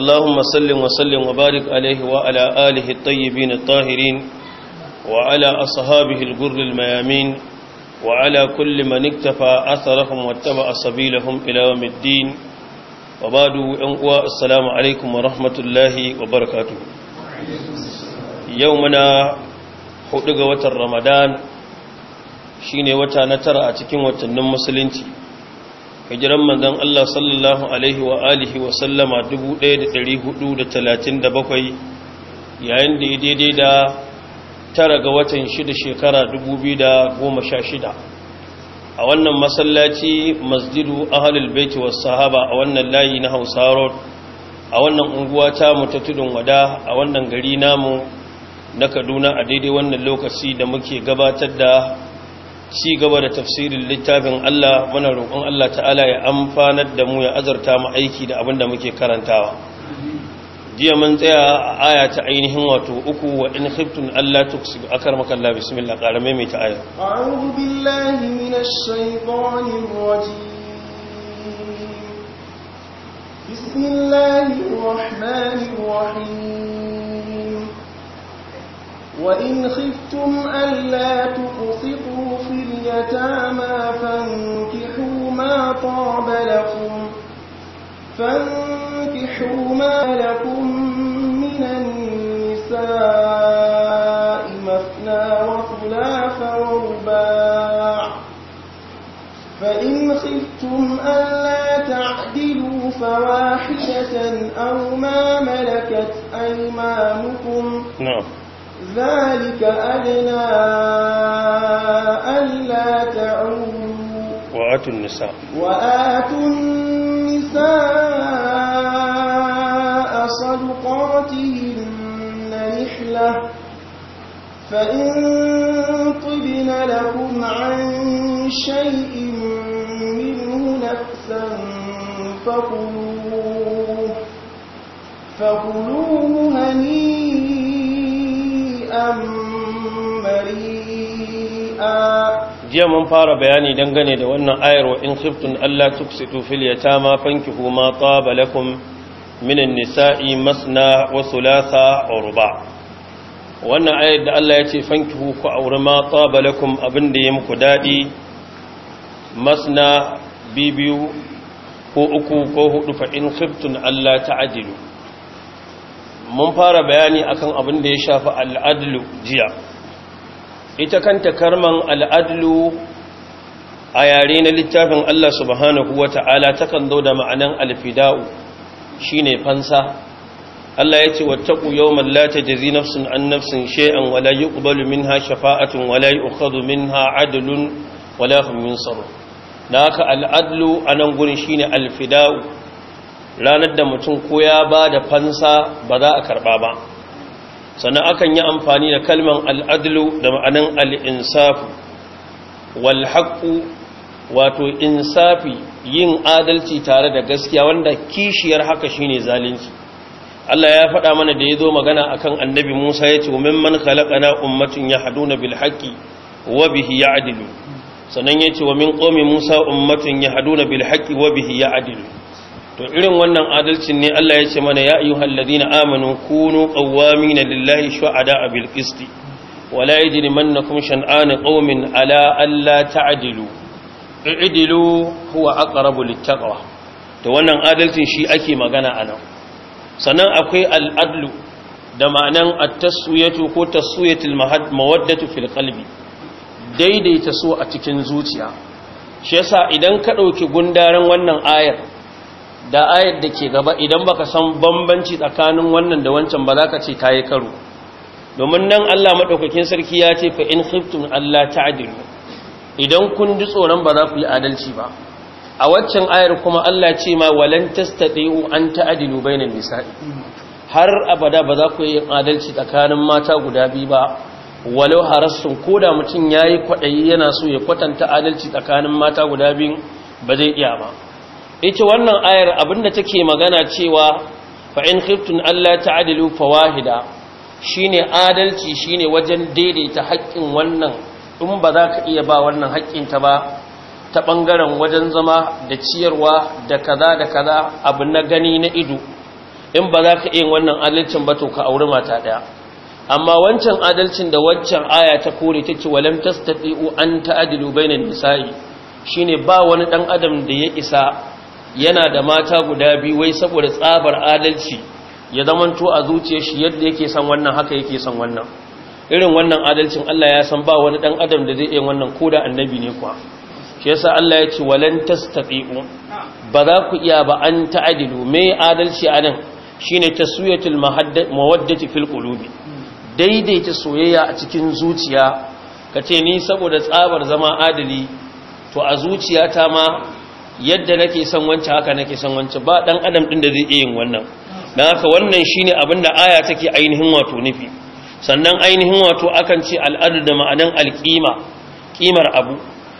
اللهم صل وسلم وبارك عليه وعلى آله الطيبين الطاهرين وعلى أصحابه الجر الميامين وعلى كل من اكتفى أثرهم واتبع سبيلهم إلى يوم الدين وبعد أنقوى السلام عليكم ورحمة الله وبركاته يومنا حدق وتر رمضان shine wata na tara a cikin watannin musulunci hijiran manzon Allah sallallahu alaihi wa alihi wa sallama 1437 yayin da ya daidai da tara ga watan shida shekara da goma sha shida. a wannan masallaci masjidu ahlul bait was sahaba a wannan layi na Hausa road a wannan unguwa ta mu ta tudun wada a wannan gari namu na Kaduna a daidai wannan lokaci da muke gabatar da ci gaba da tafsirin littafin Allah muna roƙon Allah ta'ala ya amfanar da mu ya azarta mu aiki da abin da muke karantawa jiya mun tsaya a aya ta ainihin wato uku wa in khiftun Allah tuksib akar makalla bismillah qarame mai ta aya a'udhu billahi minash shaitanir rajim bismillahir rahmanir rahim wa in khiftum alla tuqsitu اليتامى فانكحوا ما طاب لكم فانكحوا ما لكم من النساء مثنى وثلاث ورباع فإن خفتم ألا تعدلوا فواحدة أو ما ملكت أيمانكم نعم no. ذلك أدنى ألا تعوموا وآتوا النساء وآتوا النساء صدقاتهن نحلة فإن طبن لكم عن شيء منه نفسا فكلوه فكلوه هنيئا jiya mun fara bayani dangane da wannan ayar wa in khiftun Allah tuksitu fil yatama fankihu ma taba lakum minan nisa'i masna wa thulatha wa ruba wannan ayar da Allah ya ce fankihu ku aure ma taba lakum abinda ya muku dadi masna bibiyu ko uku ko hudu fa in khiftun Allah ta'dilu mun fara bayani akan abin da ya shafi al'adlu jiya ita kanta karman al'adlu a yare na littafin Allah subhanahu wa ta'ala takan zo da ma'anan alfida'u shine fansa Allah ya ce wattaku yawman da tajzi nafsun an nafsin shay'an wala yuqbalu minha shafa'atun wala yu'khadhu ha adalun wala hum yunsarun da haka al'adlu nan gurin shine alfida'u ranar da mutum ko ya ba da fansa ba za a karɓa ba sannan akan yi amfani da kalman al'adlu da ma'anin al'insafi walhaƙu wato insafi yin adalci tare da gaskiya wanda kishiyar haka shi ne zalunci Allah ya faɗa mana da ya zo magana a kan annabi Musa ya ce wa mimman khalaqana ya yahduna bil bilhaƙi, wa bihi adilu sannan ya ce wa min ƙomi Musa ya yahduna bil bilhaƙi, wa bihi adilu to irin wannan adalcin ne Allah ya ce mana ya ayyuhal ladina amanu kunu qawwamina lillahi shuhada bil qist wala yajrimannakum shan'an qaumin ala la ta'dilu i'dilu huwa aqrabu taqwa to wannan adalcin shi ake magana a nan. sannan akwai al'adlu da ma'anan at-taswiyatu ko taswiyatul mawaddatu fil qalbi daidaita so a cikin zuciya shi yasa idan ka dauki gundaren wannan ayar da ayar da ke gaba idan baka san bambanci tsakanin wannan da wancan ba za ka ce ta karo domin nan Allah maɗaukakin sarki ya ce fa in khiftum Allah ta'dilu idan kun ji tsoron ba za ku yi adalci ba a waccan ayar kuma Allah ce ma walan tastati'u an ta'dilu bainan nisa'i har abada ba za ku yi adalci tsakanin mata guda biyu ba walau harassun koda mutum yayi kwadayi yana so ya kwatanta adalci tsakanin mata guda biyu ba zai iya ba yace wannan ayar abinda take magana cewa fa in khiftun alla ta'dilu fawahida shine adalci shine wajen daidaita haƙƙin wannan in ba za ka iya ba wannan haƙƙin ta ba ta bangaren wajen zama da ciyarwa da kaza da kaza abu na gani na ido in ba za ka iya wannan adalcin ba to ka auri mata daya amma wancan adalcin da waccan aya ta kore ta ce walam tastati'u an ta'dilu bainan nisa'i shine ba wani dan adam da ya isa yana da mata guda biyu wai saboda tsabar adalci ya zamanto a zuciyar shi yadda yake san wannan haka yake san wannan irin wannan adalcin Allah ya san ba wani dan adam da zai iya wannan ko da annabi ne kuwa shi yasa Allah ya ce walan tastafiu ba za ku iya ba an ta'dilu me adalci anan shine taswiyatul mawaddati fil qulubi daidaita soyayya a cikin zuciya kace ni saboda tsabar zama adali to a zuciyata ma yadda nake son wancan haka nake son wancan ba dan adam din da zai iya yin wannan dan haka wannan shine abin da aya take ainihin wato nufi sannan ainihin wato akan ce al'adu da ma'anan alqima qimar abu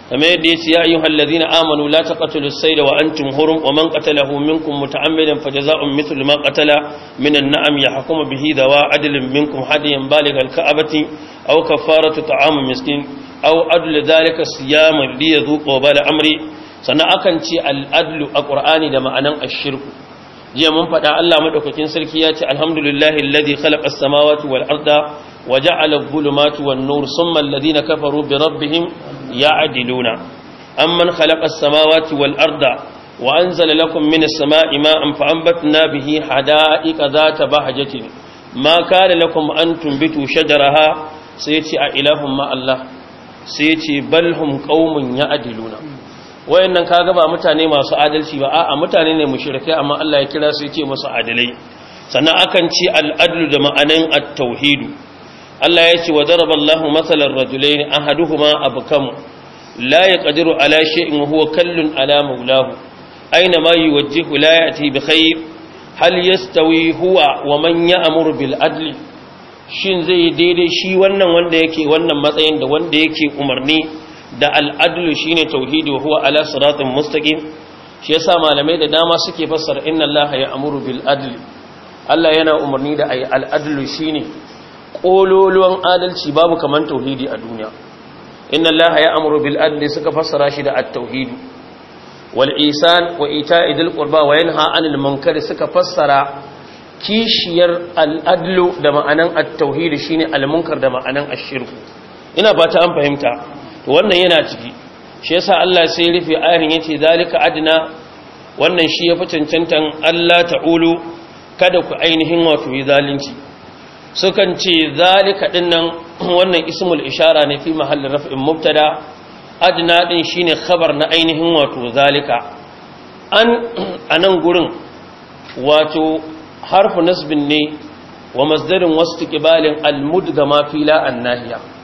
kamar yadda yace ya ayyuhal ladina amanu la taqatulu sayda wa antum hurum wa man qatalahu minkum muta'ammidan fajaza'un mithlu ma qatala min an-na'am yahkumu bihi dawa adlin minkum hadiyan balighal ka'abati aw kafaratu ta'amun miskin aw adlu dhalika siyama liyadhuqa bala amri sannan akan ce al'adlu a ƙur'ani da ma'anan ashirku jiya mun faɗa Allah maɗaukakin sarki ya ce alhamdulillahi alladhi khalaƙa as-samawati wal arda wa ja'ala adh-dhulumati wan nur thumma alladhina kafaru bi rabbihim ya'diluna amman khalaqa as-samawati wal arda wa anzala lakum minas sama'i ma'an fa anbatna bihi hada'iqa zata bahjatin ma kana lakum an tumbitu shajaraha sai ce a ilahum ma Allah sai ce balhum qaumun ya'diluna wayannan kaga ba mutane masu adalci ba a'a mutane ne mushrikai amma Allah ya kira su yake musu adalai sannan akan ce al'adlu da ma'anan at-tauhid Allah ya ce wa daraba Allahu masalan rajulain ahaduhuma abkam la yaqdiru ala shay'in wa huwa kallun ala mawlahu aina ma yuwajjihu la ya'ti bi khair hal yastawi huwa wa man ya'muru bil adli shin zai daidai shi wannan wanda yake wannan matsayin da wanda yake umarni da al'adlu shine tauhidi wa huwa ala shi yasa malamai da dama suke fassara inna allaha ya'muru bil adli Allah yana umarni da ayi shi ne ƙololuwan adalci babu kaman tauhidi a duniya inna ya amuru bil adli suka fassara shi da at-tauhid wal ihsan wa ita'i dil qurba wa yanha 'anil munkari suka fassara kishiyar al'adlu da ma'anan at-tauhid shine al-munkar da ma'anan ash ina ba ta an fahimta to wannan yana ciki shi yasa Allah sai rufe ayin yace zalika adna wannan shi yafi cancantan Allah ta'ulu kada ku ainihin wato yi zalunci sukan ce zalika dinnan wannan ismul ishara ne fi mahallin raf'in mubtada adna din shine khabar na ainihin wato zalika an anan gurin wato harfu nasbin ne wa masdarin wastiqbalin almudgama fi la annahiya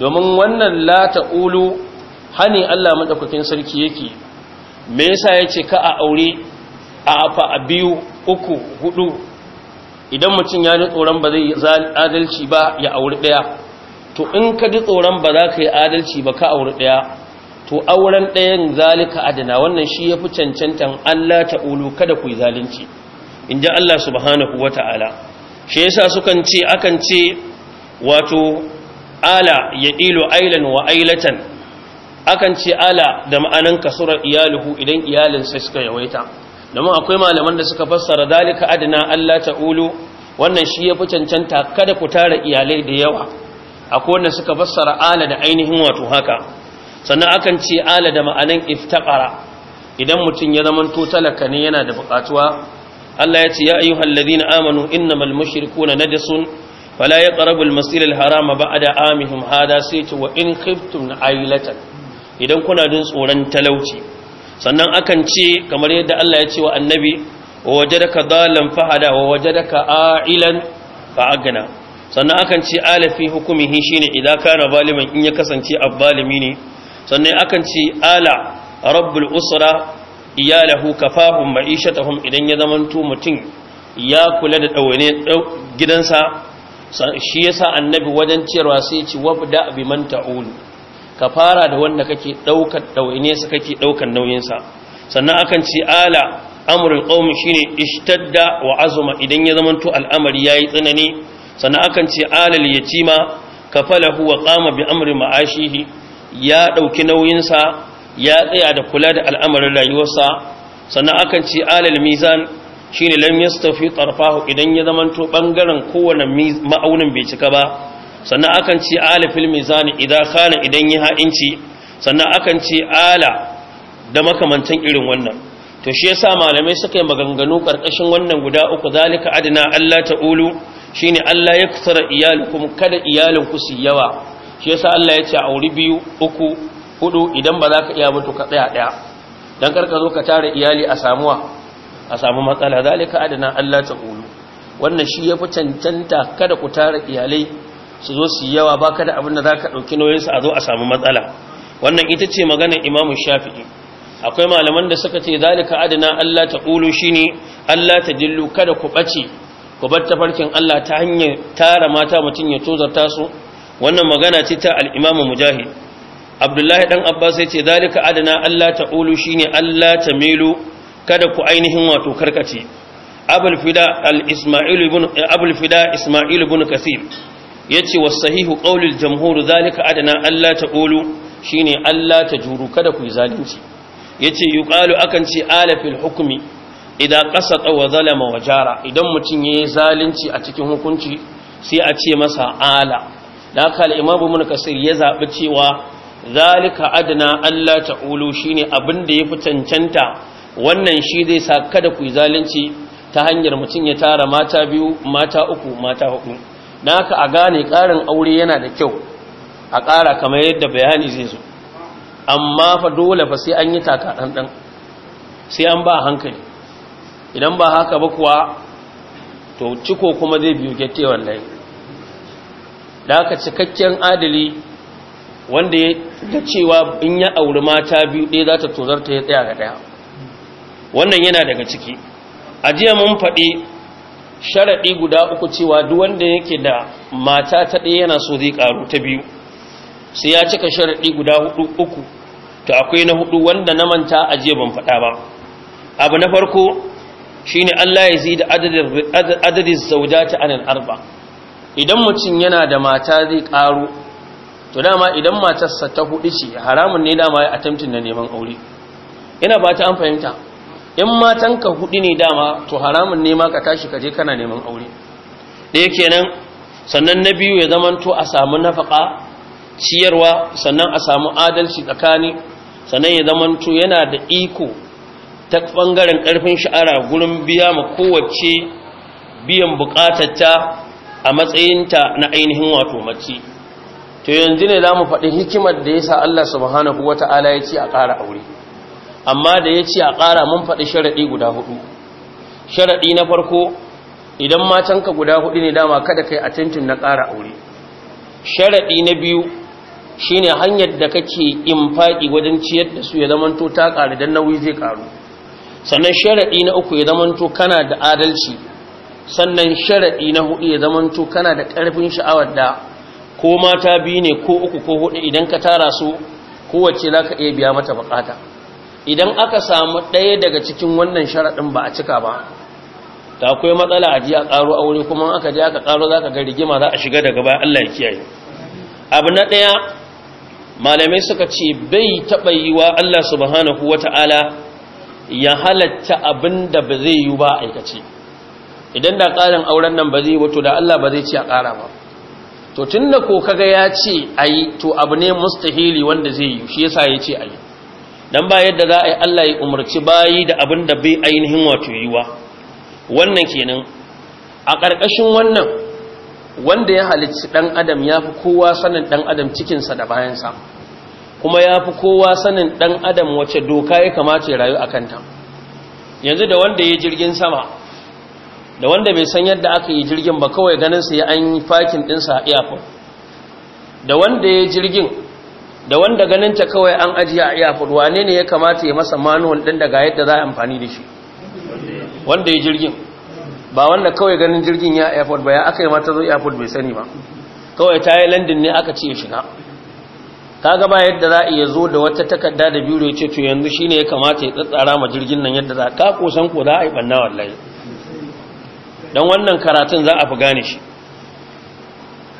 domin wannan la ulu, hani Allah madaukakin sarki yake me yasa yace ka a aure a afa a biyu uku hudu idan mutum ya ji tsoron ba zai adalci ba ya aure daya to in ka ji tsoron ba za ka yi adalci ba ka aure daya to auren ɗayan zalika adana wannan shi yafi cancantan Allah ulu, kada ku yi zalunci in ji Allah subhanahu wata'ala shi yasa sukan ce akan ce wato ala ya ilo ailan wa ailatan akan ce ala da ma'anan kasurar iyaluhu idan iyalinsa suka yawaita domin akwai malaman da suka fassara dalika adana Allah ta'ulu wannan shi ya fi cancanta kada ku tara iyalai da yawa akwai wanda suka fassara ala da ainihin wato haka sannan akan ce ala da ma'anan iftakara idan mutum ya zama to talaka ne yana da buƙatuwa Allah ya ce ya ayyuhal ladina amanu innamal mushrikuna najasun fala ya rabul masjidal harama ba'da amihim hada sai ce wa in khiftum ailatan idan kuna jin tsoron talauci sannan akan ce kamar yadda Allah ya ce wa annabi wa ka dalan fahada wa ka ailan fa'agna sannan akan ce alafi shi ne idan kana zaliman in ya kasance a balimi ne sannan akan ce ala rabbul usra iyalahu kafahum ma'ishatahum idan ya zamanto mutum ya kula da dawane gidansa shi yasa annabi wajen cewa sai ci wabda bi man ta'ul ka fara da wanda kake daukar dawaine sa kake daukar nauyin sa sannan akan ce ala amrul qaum shine ishtadda wa azuma idan ya zamanto al'amari yayi tsanani sannan akan ce alal yatima kafalahu wa qama bi amri ma'ashihi ya dauki nauyin sa ya tsaya da kula da al'amarin rayuwarsa sannan akan ce alal mizan Shi shine lam yastafi tarfahu idan ya zamanto bangaren kowane ma'aunin bai cika ba sannan akan ce ala fil mizani idan khana idan ya ha'inci sannan akan ce ala da makamantan irin wannan to shi yasa malamai suka yi maganganu karkashin wannan guda uku zalika adna Allah ta'ulu shine Allah ya kusara iyalukum kada iyalinku su yawa shi yasa Allah ya ce auri biyu uku hudu idan ba za ka iya mutu ka tsaya daya dan karka zo ka tare iyali a samuwa a samu matsala zalika adana Allah ta ulu wannan shi yafi cancanta kada ku tara iyalai su zo su yawa ba kada abin da zaka dauki nauyin su a zo a samu matsala wannan ita ce maganar Imam Shafi'i akwai malaman da suka ce zalika adana Allah ta ulu shine Allah ta dillu kada ku bace ku bar ta farkin Allah ta hanyar tara mata mutun ya tozarta su wannan magana ce ta al-Imam Mujahid abdullahi dan abbas sai ce zalika adana allah ta ulu shine allah ta melo. kada ku ainihin wato karkace abul fida ismail ibn Kasir, ya ce wa kasir yace was sahihu qaulul jamhur zalika adana alla ne shine ta juru kada ku yi zalunci yace yuqalu akan ce ala hukumi, idan ƙasa wa zalama wa jara idan ya yi zalunci a cikin hukunci sai a ce masa ala da haka al-imam kasir ya zaɓi cewa zalika adana Allah alla shi shine abin da fi cancanta wannan shi zai sa kada ku zalunci ta hanyar mutum ya tara mata biyu mata uku mata hudu Na ka a gane karin aure yana da kyau a ƙara kamar yadda bayani zai zo amma fa dole fa sai an yi taka ɗanɗan sai an ba hankali idan ba haka ba kuwa to ciko kuma zai biyu gyattewar layi da haka cikakken adali wanda ya cewa in ya auri mata biyu ɗaya za ta tozarta ya tsaya ga ɗaya wannan yana daga ciki a jiya mun faɗi sharaɗi guda uku cewa duk wanda yake da mata ta ɗaya yana so zai ƙaru ta biyu sai ya cika sharaɗi guda hudu uku to akwai na hudu wanda na manta a jiya ban faɗa ba abu na farko shine Allah ya da adadin ta anan arba idan mutum yana da mata zai ƙaru to dama idan matarsa ta hudu ce haramun ne dama ya attempting na neman aure ina ba ta an fahimta in matanka hudu ne dama to haramun nema ka tashi ka je kana neman aure ɗaya kenan sannan na biyu ya zamanto a samu nafaka ciyarwa sannan a samu adalci tsakani sannan ya zamanto yana da iko ta bangaren ƙarfin sha'ara gurin biya ma kowace biyan buƙatarta a matsayinta na ainihin wato mace to yanzu ne za mu faɗi hikimar da ya sa Allah subhanahu wata'ala ya ce a ƙara aure amma da ya ce a ƙara mun faɗi sharaɗi guda hudu sharaɗi na farko idan matanka guda hudu ne dama kada kai a tintin na ƙara aure sharaɗi na biyu shine hanyar da kake faɗi wajen ciyar da su ya zamanto ta ƙari don nauyi zai ƙaru sannan sharaɗi na uku ya zamanto kana da adalci sannan sharaɗi na hudu ya zamanto kana da ƙarfin sha'awar da ko mata biyu ne ko uku ko hudu idan ka tara su kowace za ka iya biya mata buƙata idan aka samu ɗaya daga cikin wannan sharaɗin ba a cika ba ta akwai matsala a ji a ƙaro aure kuma aka ji aka ƙaro za ka ga rigima za a shiga daga baya Allah ya kiyaye abu na ɗaya malamai suka ce bai taɓa yi wa Allah subhanahu wa ta'ala ya halatta abin da ba zai yi ba aikace idan da ƙarin auren nan ba zai wato da Allah ba zai ci a ƙara ba to tun da ko kaga ya ce a yi to abu ne mustahili wanda zai yi shi yasa ya ce a yi dan ba yadda za a yi Allah ya umarci bayi da abin da bai ainihin wato yiwa wannan kenan a ƙarƙashin wannan wanda ya halicci ɗan adam ya fi kowa sanin ɗan adam cikinsa da bayansa kuma ya fi kowa sanin ɗan adam wace doka ya kamace rayu a kanta yanzu da wanda ya jirgin sama da wanda bai san yadda aka yi jirgin ba kawai ganin sa ya an yi fakin ɗinsa a airport da wanda ya jirgin da wanda ganin ta kawai an ajiye a airport wane ne ya kamata ya masa manual ɗin daga yadda za a amfani da shi wanda ya jirgin ba wanda kawai ganin jirgin ya airport ba ya aka yi mata zo bai sani ba kawai ta yi landin ne aka ce ya shiga ta gaba yadda za a iya zo da wata takarda da biyu ya ce to yanzu shi ne ya kamata ya tsatsara ma jirgin nan yadda za ka kosan ko za a yi ɓanna wallahi don wannan karatun za a fi gane shi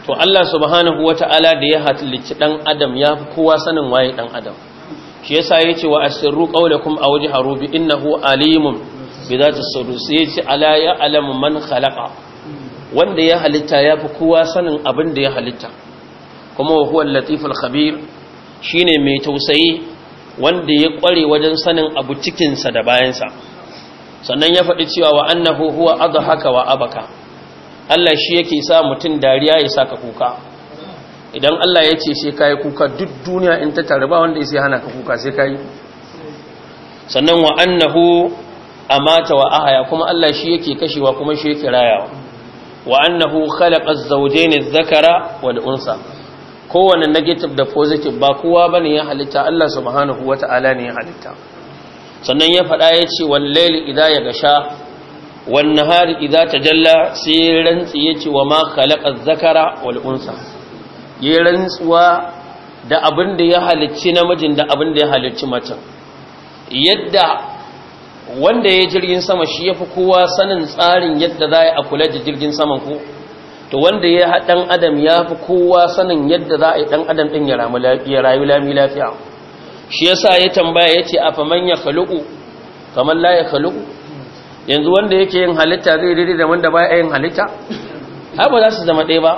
to Allah subhanahu wata'ala da ya halicci ɗan adam ya fi kowa sanin waye ɗan adam shi yasa yace wa asirru qawlakum aw jaharu bi innahu alimun bi zati sudur sai yace ala ya alamu man khalaqa wanda ya halitta ya fi kowa sanin abin da ya halitta kuma wa huwa latiful khabir shine mai tausayi wanda ya kware wajen sanin abu cikinsa da bayansa sannan ya faɗi cewa wa annahu huwa adhaka wa abaka Allah shi yake sa mutum dariya ya saka kuka idan Allah ya ce sai kayi kuka duk duniya in ta tare ba wanda sai hana ka kuka sai kayi sannan wa annahu amata wa ahaya kuma Allah shi yake kashewa kuma shi yake rayawa wa annahu khalaqa az-zawjayn adh-dhakara unsa kowanne negative da positive ba kowa bane ya halitta Allah subhanahu wata'ala ne ya halitta sannan ya faɗa ya ce wani laili idan ya gasha wan hari idza jalla sai rantsi ce wa ma khalaqa zakara wal'unsa unsa rantsuwa da abin da ya halicci namijin da abin da ya halicci macen yadda wanda ya jirgin sama shi ya fi kowa sanin tsarin yadda za a yi a kula da jirgin saman ko to wanda ya dan adam ya fi kowa sanin yadda za a yi ɗan adam ɗin ya rayu lami lafiya shi ya sa ya tambaya ya ce a ya kalu'u kamar ya kalu'u yanzu wanda yake yin halitta zai daidai da wanda baya yin halitta ai ba za su zama ɗaya ba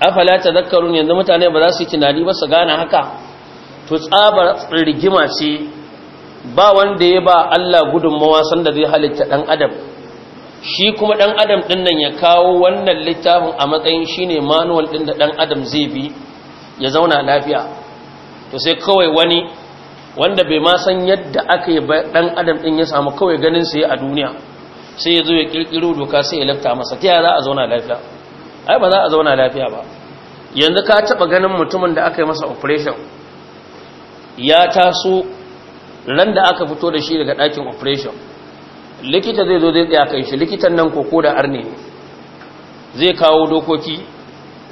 afala zakarun yanzu mutane ba za su yi tunani ba su gane haka to tsabar rigima ce ba wanda ya ba Allah gudunmawa sanda zai halitta dan adam shi kuma dan adam din nan ya kawo wannan littafin a matsayin shine manual din da dan adam zai bi ya zauna lafiya to sai kawai wani wanda bai ma san yadda aka yi dan adam ɗin ya samu kawai ganin yi a duniya sai ya zo ya kirkiro doka sai ya lafta masa ta za a zauna lafiya ai ba za a zauna lafiya ba yanzu ka taɓa ganin mutumin da aka yi masa operation ya taso ran da aka fito da shi daga ɗakin operation likita zai zo zai tsaya kai shi likitan nan koko da arne zai kawo dokoki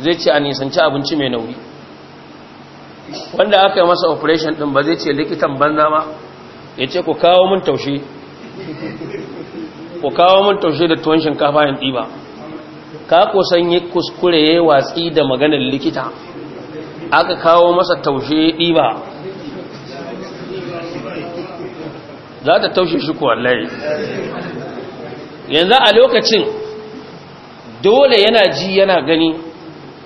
zai ce a nisanci abinci mai nauyi wanda aka yi masa operation din ba zai ce likitan banza ma ya ce ku kawo mun taushe ku kawo mun taushe da tuwon shinkafa yin ɗiba ka kusan yi kuskure ya watsi da maganar likita aka kawo masa taushe ɗiba za ta taushe shi kuwallai yanzu a lokacin dole yana ji yana gani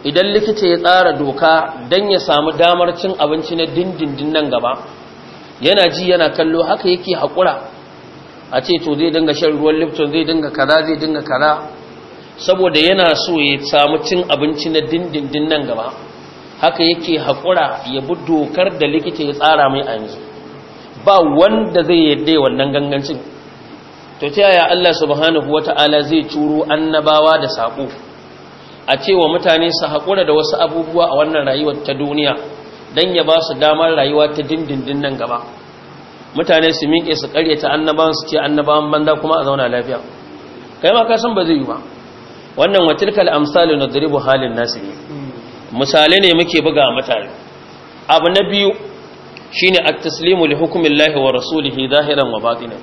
idan likita ya tsara doka don ya samu damar cin abinci na dindindin nan gaba yana ji yana kallo haka yake haƙura a ce to zai dinga shan ruwan lipton zai dinga kaza zai dinga kaza saboda yana so ya samu cin abinci na dindindin nan gaba haka yake haƙura ya bi dokar da likita ya tsara mai a yanzu ba wanda zai yadda wannan gangancin to ta yaya Allah subhanahu wata'ala zai turo annabawa da saƙo a cewa mutane su haƙura da wasu abubuwa a wannan rayuwar ta duniya don ya ba su damar rayuwa ta dindindin nan gaba mutane su miƙe su ta annabawan su ce annabawan banda kuma a zauna lafiya kai ma kasan san ba zai yi ba wannan watilkal na nadribu halin nasi ne misalai ne muke buga mutane abu na biyu shine at-taslimu li hukmillahi wa rasulihi zahiran wa batinan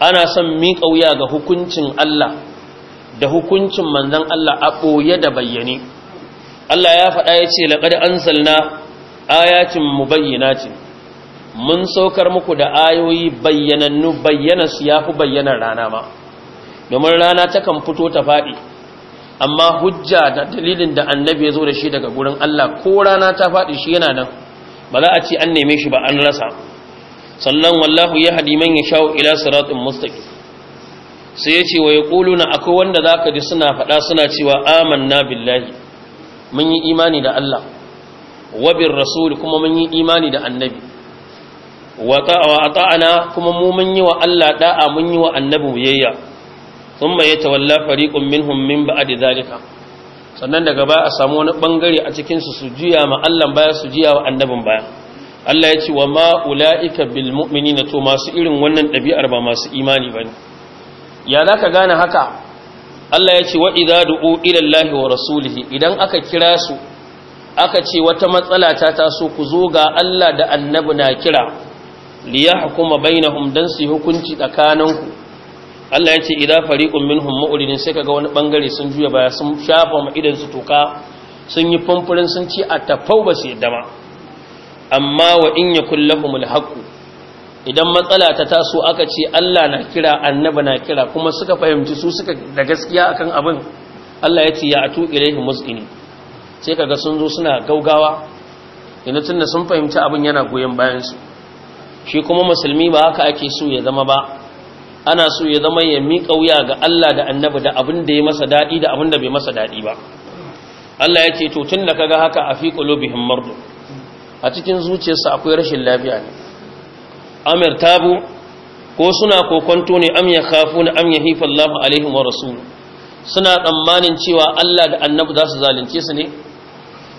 ana son miƙa wuya ga hukuncin Allah da hukuncin manzon Allah a boye da bayyane Allah ya faɗa ya ce laqad mu bayyana mubayyinatin mun saukar muku da ayoyi bayyanannu bayyana su yafi bayyana rana ma domin rana takan fito ta faɗi amma hujja da dalilin da annabi ya zo da shi daga gurin Allah ko rana ta faɗi shi yana nan ba za a ce an neme shi ba an rasa sannan wallahu ya hadi man ya shawo ila siratin mustaqim sai ya ce wa ya ƙuluna akwai wanda za ka ji suna faɗa suna cewa Aman na billahi mun yi imani da Allah wabin rasul kuma mun yi imani da annabi wa ta'ana kuma mu mun yi wa Allah da'a mun yi wa annabi biyayya thumma yatawalla fariqun minhum min da zalika sannan daga ba a samu wani bangare a cikinsu su su juya ma Allah baya su juya wa annabin baya Allah ya ce wa ma ulaika bil to masu irin wannan ɗabi'ar ba masu imani ba ne. ya za ka gane haka Allah ya ce wa idan du'u ila wa rasulihi idan aka kira su aka ce wata matsala ta taso ku zo ga Allah da annabi na kira li yahkuma bainahum dan su hukunci tsakaninku Allah ya ce fariƙun fariqun minhum mu'ridin sai kaga wani bangare sun juya baya sun shafa ma idan su toka sun yi fumfurin sun ci a tafau ba su yadda ba amma wa in yakul lahumul haqqu idan matsala ta taso aka ce Allah na kira annabi na kira kuma suka fahimci su suka da gaskiya akan abin Allah ya ce ya atu ilaihi musqini sai kaga sun zo suna gaugawa yanzu tunda sun fahimci abin yana goyen bayan su shi kuma musulmi ba haka ake so ya zama ba ana so ya zama ya miƙa wuya ga Allah da annabi da abin da ya masa daɗi da abin da bai masa daɗi ba Allah ya ce to tunda kaga haka a fi qulubihim mardu a cikin zuciyarsa akwai rashin lafiya ne amir tabu ko suna kokonto ne am khafu na am ya hifa Allah alaihi wa rasul suna tsammanin cewa Allah da annabi za su zalunce su ne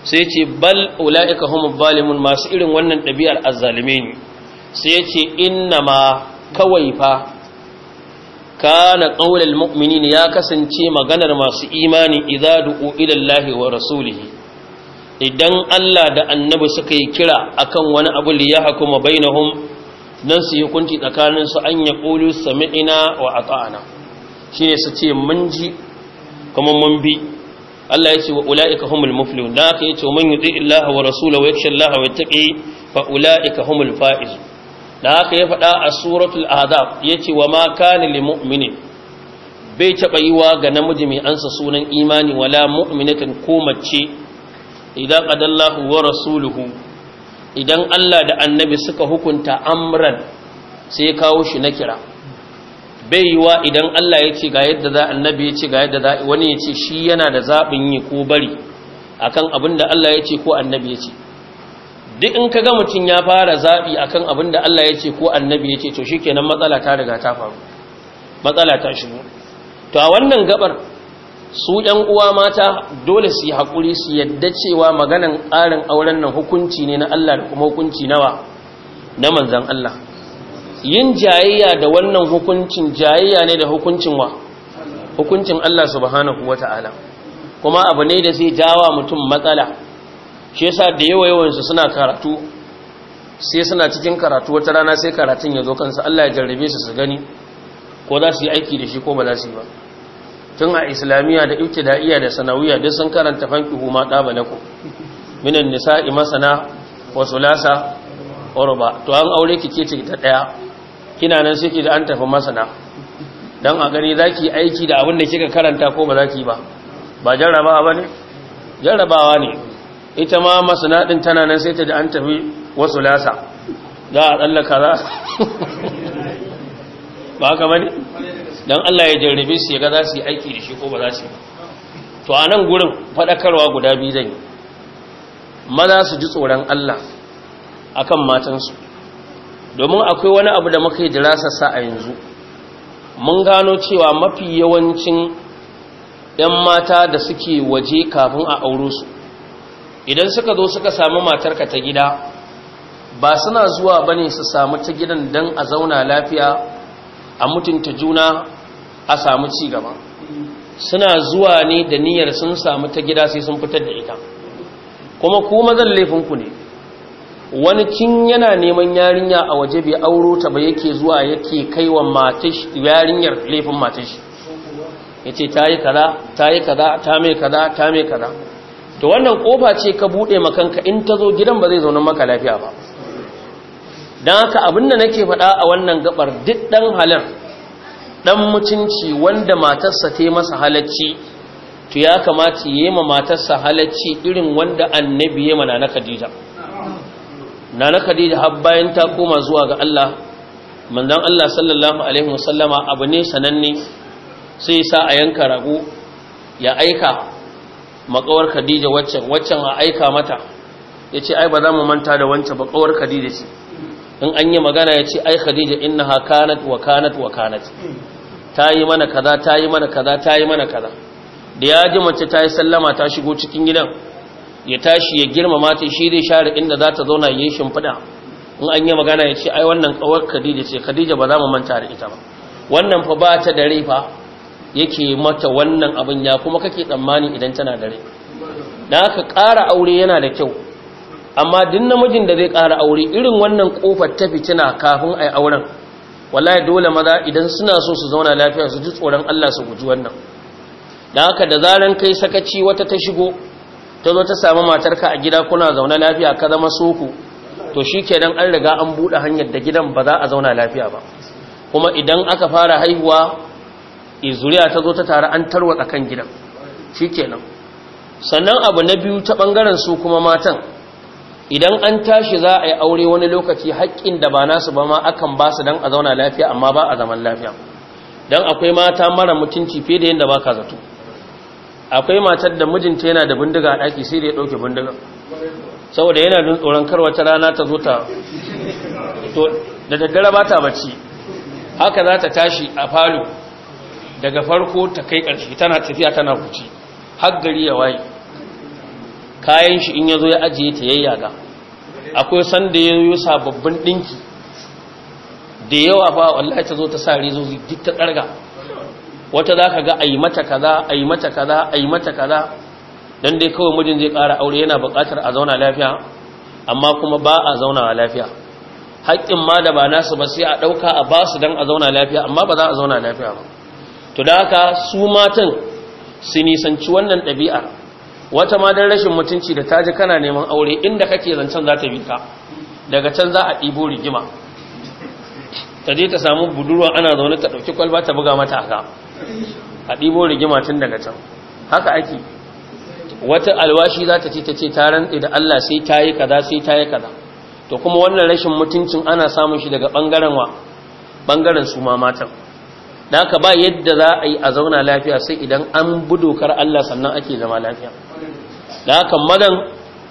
sai ce bal ula'ika humu zalimun masu irin wannan dabi'ar azzalime ne sai ya ce inna ma kawai fa kana qaulul mu'minin ya kasance maganar masu imani idza du'u ila Allah wa rasulihi idan Allah da annabi suka yi kira akan wani abu li yahkuma bainahum nan su yi kunci tsakanin su an ya ƙulu sami'ina wa ata'ana shi ne su ce mun ji kuma mun bi Allah ya ce wa ula'ika humul muflihun da aka yi yace yi yuti Allah wa rasula wa yakhsha Allah wa taƙi fa ula'ika humul faiz da aka yi faɗa a suratul ya ce wa ma kani li bai taɓa yi wa ga namiji mai ansa sunan imani wala mu'minatin ko mace idan qadallahu wa rasuluhu idan Allah da annabi suka hukunta amran sai kawo shi na kira bai yiwa idan Allah ya ce ga yadda za annabi ya ce ga yadda za wani ya ce shi yana da zaɓin yi ko bari akan abin da Allah ya ce ko annabi ya ce duk in ka ga mutum ya fara zaɓi akan abin da Allah ya ce ko annabi ya ce to shi kenan matsala ta riga ta faru matsala ta shigo to a wannan gabar su ɗan uwa mata dole su yi haƙuri su yadda cewa maganan ƙarin auren nan hukunci ne na Allah da kuma hukunci nawa na manzan Allah yin jayayya da wannan hukuncin jayayya ne da hukuncin wa hukuncin Allah subhanahu wata'ala kuma abu ne da zai jawa mutum matsala shi yasa da yawa yawansu suna karatu sai suna cikin karatu wata rana sai karatun ya zo kansa Allah ya jarrabe su su gani ko za su yi aiki da shi ko ba za su yi ba tun a islamiyya da ibtida'iyya da sanawiyya duk sun karanta fankihu ma daba ku minan nisa'i masana wa sulasa wa ruba to an aure ki ce ta ɗaya kina nan sai ki da an tafi masana dan a gani zaki aiki da abin da kika karanta ko ba zaki ba ba jarrabawa bane jarrabawa ne ita ma masana din tana nan sai ta da an tafi wa sulasa za a tsallaka za ba haka bane dan Allah ya jarrabe su ya ga za su yi aiki da shi ko ba za su yi ba to a nan gurin faɗakarwa guda biyu zan yi maza su ji tsoron Allah akan matansu domin akwai wani abu da muka yi dirasarsa a yanzu mun gano cewa mafi yawancin 'yan mata da suke waje kafin a auro su idan suka zo suka samu matarka ta gida ba suna zuwa bane su samu ta gidan dan a zauna lafiya a mutunta juna a samu ci gaba suna zuwa ne da niyyar sun samu ta gida sai sun fitar da ita kuma kuma zan laifinku ne wani kin yana neman yarinya a waje bai auro ta ba yake zuwa yake kaiwa matish yarinyar laifin matish yace tayi kaza tayi kaza ta mai kaza ta mai kaza to wannan kofa ce ka bude makanka in ta zo gidan ba zai zauna maka lafiya ba dan haka abinda nake faɗa a wannan gabar duk dan halar dan mutunci wanda matarsa ta yi masa halacci to ya kamata yi ma matarsa halacci irin wanda annabi ya mana na Khadija nana Khadija har bayan ta koma zuwa ga Allah manzon Allah sallallahu alaihi wasallama abu ne sananne sai sa a yanka rago ya aika makawar Khadija waccan waccan a aika mata yace ai ba za mu manta da wancan ba kawar Khadija ce in an yi magana ya ce ai khadija innaha kanat wa kanat wa kanat ta yi mana kaza ta yi mana kaza ta yi mana kaza da ya ji mace ta yi sallama ta shigo cikin gidan ya tashi ya girmama ta shi zai share inda za ta zauna yi shimfiɗa in an yi magana ya ce ai wannan kawar khadija ce khadija ba za mu manta da ita ba wannan fa ba ta dare fa yake mata wannan abin ya kuma kake tsammani idan tana dare dan haka ƙara aure yana da kyau amma duk namijin da zai ƙara aure irin wannan kofar ta fitina kafin ai auren wallahi dole maza idan suna so su zauna lafiya su ji tsoron Allah su guji wannan da haka da zaran kai sakaci wata ta shigo ta zo ta samu matarka a gida kuna zauna lafiya ka zama soku, to shikenan an riga an bude hanyar da gidan ba za a zauna lafiya ba kuma idan aka fara haihuwa izuriya ta zo ta tare an tarwatsa kan gidan shikenan sannan abu na biyu ta bangaren su kuma matan idan an tashi za a yi aure wani lokaci haƙƙin da ba nasu ba ma akan ba su don a zauna lafiya amma ba a zaman lafiya don akwai mata mara mutunci fiye da yadda ba ka zato akwai matar da mijinta yana da bindiga a ɗaki sai da ya ɗauke bindiga saboda yana jin tsoron kar wata rana ta zo ta da daddare ba ta bacci haka za ta tashi a falo daga farko ta kai ƙarshe tana tafiya tana kuci har gari ya waye kayan shi in ya zo ya ajiye ta ga. akwai sanda ya yi sababbin ɗinki da yawa ba wallahi ta zo ta sa rizozi duk ta ɗarga wata za ka ga a yi mata kaza a yi mata kaza a yi mata kaza don dai kawai mijin zai ƙara aure yana buƙatar a zauna lafiya amma kuma ba a zauna lafiya haƙƙin ma da ba nasu ba sai a ɗauka a ba su don a zauna lafiya amma ba za a zauna lafiya ba to da haka su matan su nisanci wannan ɗabi'a wata ma dan rashin mutunci da ta ji kana neman aure inda kake zancen za ta bi daga can za a ɗibo rigima ta je ta samu budurwa ana zaune ta ɗauki kwalba ta buga mata haka a ɗibo rigima tun daga can haka ake wata alwashi za ta ce ta ce ta rantse da Allah sai ta yi kaza sai ta yi kaza to kuma wannan rashin mutuncin ana samun shi daga ɓangaren wa ɓangaren su ma matan da haka ba yadda za a yi a zauna lafiya sai idan an bi dokar Allah sannan ake zama lafiya da haka madan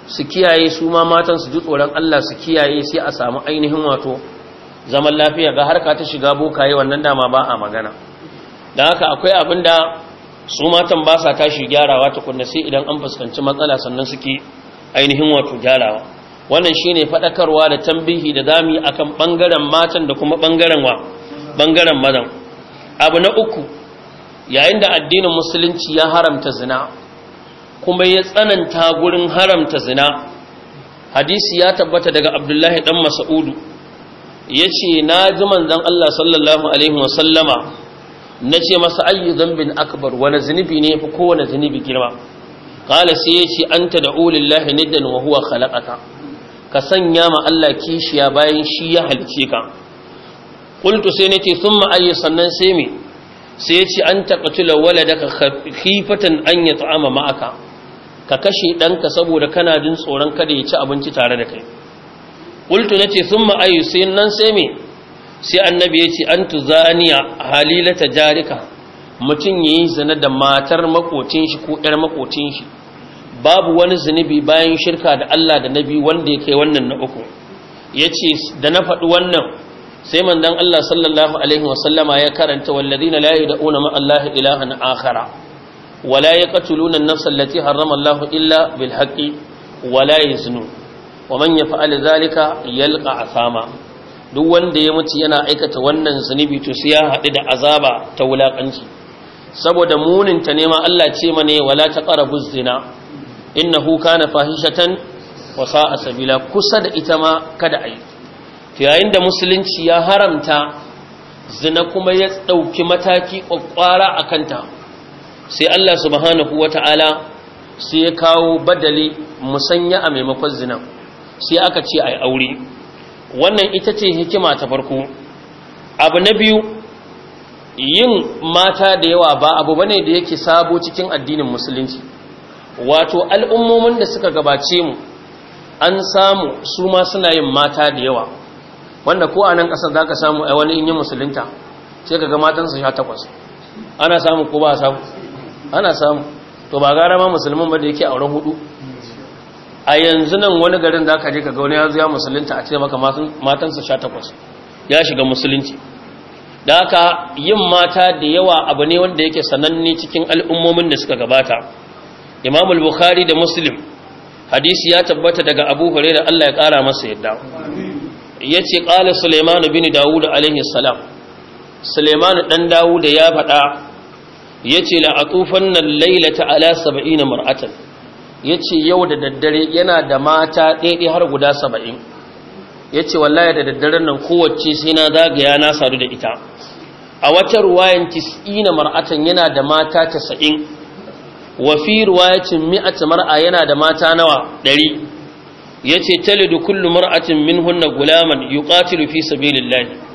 su kiyaye su ma matan su ji tsoron Allah su kiyaye sai a samu ainihin wato zaman lafiya ga harka ta shiga bokaye wannan dama ba a magana da haka akwai abin da su matan ba sa tashi gyarawa tukunna sai idan an fuskanci matsala sannan suke ainihin wato gyarawa wannan shine fadakarwa da tambihi da zamu akan bangaren matan da kuma bangaren wa bangaren madan abu na uku yayin da addinin musulunci ya haramta zina kuma ya tsananta gurin haramta zina hadisi ya tabbata daga abdullahi dan mas'udu yace na ji manzon Allah sallallahu alaihi wa na nace masa ayyu zambin akbar wani zunubi ne fi kowane zunubi girma qala sai yace anta da ulillahi niddan wa huwa khalaqaka ka sanya ma Allah kishiya bayan shi ya halice ka qultu sai nace thumma ayyu sannan sai me sai yace an taqtula waladaka khifatan an yata'ama ma'aka ka kashe ɗanka saboda kana jin tsoron kada ya ci abinci tare da kai ƙultu na ce sun ma'ayu sai nan sai me sai annabi ya ce an tu zaniya halilata jarika mutum ya yi zina da matar makocin shi ko 'yar makocin shi babu wani zunubi bayan shirka da Allah da nabi wanda ya kai wannan na uku ya ce da na faɗi wannan sai mandan Allah sallallahu alaihi wasallama ya karanta wallazina la yad'una ma Allah ilahan akhara wala yaqtuluna an na allati harrama Allah illa bil haqqi wala yaznun wa man yaf'al dhalika yalqa asama duk wanda ya mutu yana aikata wannan zunubi to sai ya haɗu da azaba ta wulaƙanci saboda munin ta nema Allah ce mane wala ta taqrabu zina innahu kana fahishatan wa sa'a sabila kusa da ita ma kada ayi to yayin da musulunci ya haramta zina kuma ya ɗauki mataki ƙwaƙƙwara akan ta sai Allah subhanahu wa ta'ala sai ya kawo badali musanya a maimakon zina sai aka ce ai aure wannan ita ce hikima ta farko abu na biyu yin mata da yawa ba abu bane da yake sabo cikin addinin musulunci wato al'ummomin da suka gabace mu an samu su ma suna yin mata da yawa wanda ko a nan ƙasar za ka samu a wani yin musulunta sai ka ga matansa sha takwas ana samu ko ba a samu ana samu to ba gara ma musulmin ba da yake auren hudu a yanzu nan wani garin da aka je ka gauna ya zo ya musulunta a cikin maka matansa sha takwas ya shiga musulunci da haka yin mata da yawa abu ne wanda yake sananne cikin al'ummomin da suka gabata Imamul bukhari da muslim hadisi ya tabbata daga abu hurairah Allah ya kara masa yadda Ya yace qala sulaiman bin daud alaihi salam sulaiman dan daud ya faɗa yace la atufanna laylata ala 70 mar'atan yace yau da daddare yana da mata daidai har guda 70 yace wallahi da daddaren nan kowacce sai na zagaya na sadu da ita a wata ruwayan 90 mar'atan yana da mata 90 wa fi ruwayatin mi'at mar'a yana da mata nawa 100 yace talidu kullu mar'atin minhunna gulaman yuqatilu fi sabilillahi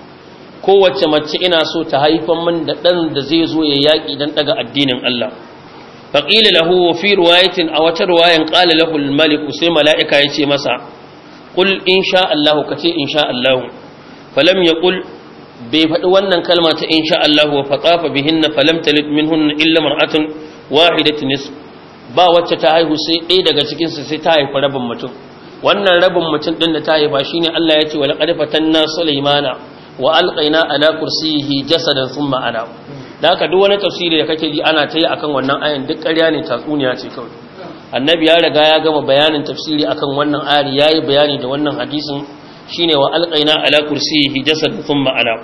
kowace mace ina so ta haifan min da ɗan da zai zo ya yaki dan ɗaga addinin Allah faƙila lahu fi riwayatin a wata ruwayan ƙala lahu maliku sai mala'ika ya ce masa qul insha Allah Allahu ka ce falam ya kul bai faɗi wannan kalma ta insha Allah Allahu wa faƙafa bihinna falam talid minhun illa mar'atun wahidatun nisf ba wacce ta haihu sai ɗaya daga su sai ta haifi rabin mutum wannan rabin mutum ɗin da ta haifa shine Allah ya ce wa laqad fatanna sulaimana wa alqaina ala kursiyihi jasadan thumma ana da haka duk wani tafsiri da kake ji ana ta yi akan wannan ayan duk ƙarya ne tatsuniya ce kawai annabi ya riga ya gama bayanin tafsiri akan wannan ayar yayi bayani da wannan hadisin shine wa alqaina ala kursiyihi jasadan thumma ana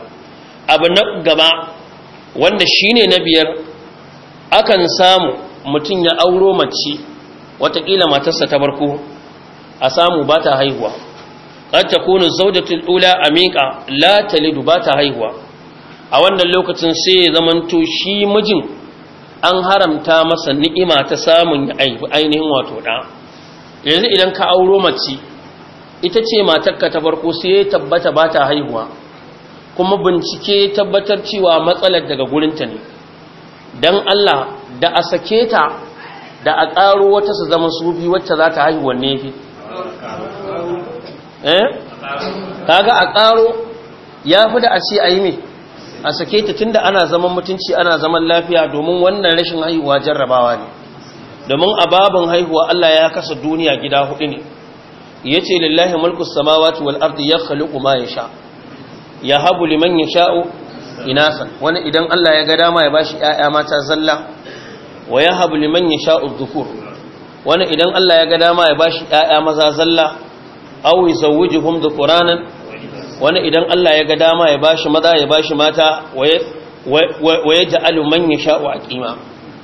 abu na gaba wanda shine na biyar akan samu mutum ya auro mace watakila matarsa ta barko a samu ba ta haihuwa ta kuna zawjatul ula amika la talidu ba ta haihuwa a wannan lokacin sai ya zamanto shi mijin an haramta masa ni'ima ta samun ainihin wato da yanzu idan ka auro mace ita ce matarka ta farko sai ya tabbata ba ta haihuwa kuma bincike tabbatar cewa matsalar daga gurinta ne don Allah da a sake ta da a ƙaro wata su zama sufi wacce za ta haihu wanne fi eh ga a ƙaro ya fi da a ce a yi mai a sake ta tunda ana zaman mutunci ana zaman lafiya domin wannan rashin haihuwa jarrabawa ne domin a babin haihuwa Allah ya kasa duniya gida hudu ne Ya ce, lillahi mulku samawati wal ardi yakhluqu ma yasha habu liman yasha'u inasa wani idan Allah ya ga dama ya bashi 'ya'ya mata zalla wa ya habu liman yasha'u dhukur wani idan Allah ya ga dama ya bashi ƴaƴa maza zalla aw yuzawwijuhum dhukuranan wani idan Allah ya ga dama ya bashi maza ya bashi mata wa yaj'alu man yasha'u aqima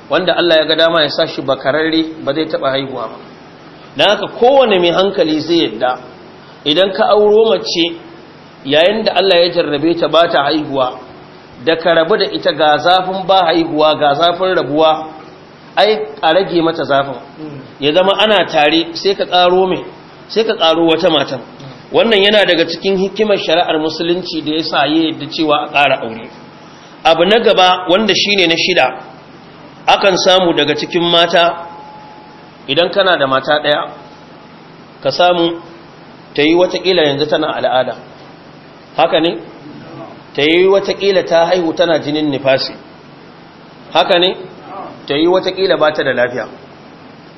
wanda Allah ya ga dama ya sa shi bakararre ba zai taba haihuwa ba dan haka kowanne mai hankali zai yadda idan ka auro mace yayin da Allah ya jarrabe ta ba ta haihuwa da ka rabu da ita ga zafin ba haihuwa ga zafin rabuwa ai a rage mata zafin hmm. ya zama ana tare sai ka ƙaro mai sai ka ƙaro wata matan wannan yana daga cikin hikimar shari'ar musulunci da ya sa yi da cewa a ƙara aure abu na gaba wanda shine na shida akan samu daga cikin mata idan kana da mata ɗaya ka samu ta yi watakila yanzu tana al'ada haka ne ta yi watakila ta haihu tana jinin nifasi haka ne ta yi watakila ba ta da lafiya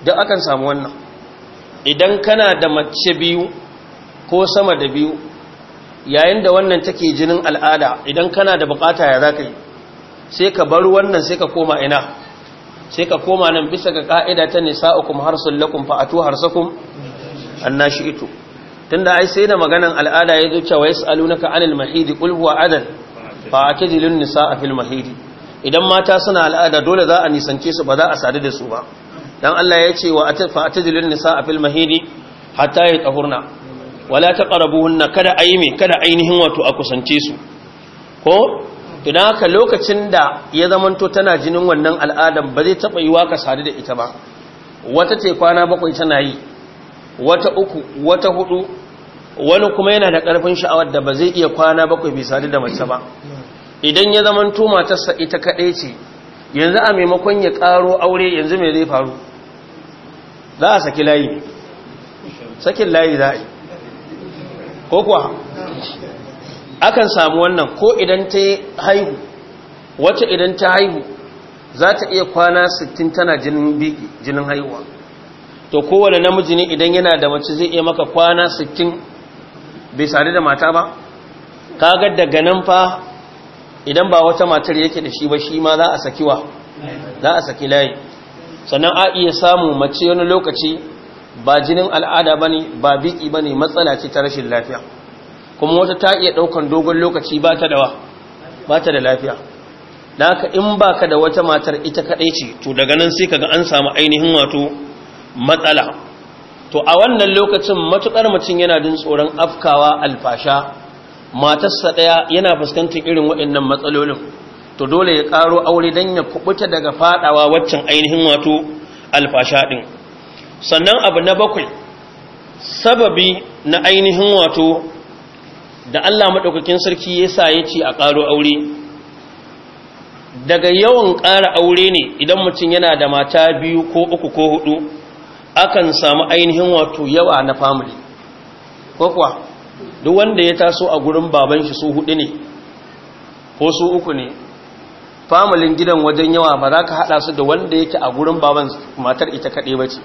don akan samu wannan idan kana da mace biyu ko sama da biyu yayin da wannan take jinin al'ada idan kana da bukata ya zaka yi sai ka bar wannan sai ka koma ina sai ka koma nan bisa ga ka'ida ta nisa'ukum harsul lakum fa atu harsakum annashi ito tunda ai sai da maganan al'ada ya zo cewa yasalunaka anil mahidi qul huwa adan fa atidilun nisa'a fil mahidi idan mata suna al'ada dole za a nisance su ba za a sadu da su ba dan Allah ya ce wa atafa atajilun nisa a fil mahidi hatta ya tahurna wala taqrabuhunna kada ayimi kada ainihin wato a kusance su ko idan haka lokacin da ya zamanto tana jinin wannan al'adan ba zai taba yiwa ka sadu da ita ba wata ce kwana bakwai tana yi wata uku wata hudu wani kuma yana da karfin sha'awar da ba zai iya kwana bakwai bai sadu da mace ba idan ya zamanto matarsa ita kadai ce yanzu a maimakon ya ƙaro aure yanzu mai zai faru za a saki layi ne sakin layi za a yi ko kuwa akan samu wannan ko idan ta haihu wacce idan ta haihu za ta iya kwana 60 tana jinin haihuwa to kowane namiji ne idan yana da mace zai iya maka kwana 60 bai sadu da mata ba kagar daga nan fa idan ba wata matar yake da shi ba shi ma za a saki wa za a saki layi sannan a iya samu mace wani lokaci ba jinin al'ada ba ne ba biki ba ne matsala ce ta rashin lafiya kuma wata ta iya ɗaukan dogon lokaci ba ta da ba ta da lafiya da haka in ba ka da wata matar ita kaɗai ce to daga nan sai ka ga an samu ainihin wato matsala to a wannan lokacin matuƙar mutum yana jin tsoron afkawa alfasha matarsa ɗaya yana fuskantar irin waɗannan matsalolin to dole ya ƙaro aure don ya kubuta daga fadawa waccan ainihin wato alfasha ɗin sannan abu na bakwai sababi na ainihin wato da Allah maɗaukakin sarki ya sa ya ce a ƙaro aure daga yawan ƙara aure ne idan mutum yana da mata biyu ko uku ko hudu akan samu ainihin wato yawa na famili duk wanda ya taso a gurin baban shi su hudu ne ko su uku ne famalin gidan wajen yawa ba za ka hada su da wanda yake a gurin baban matar ita kaɗe ba ce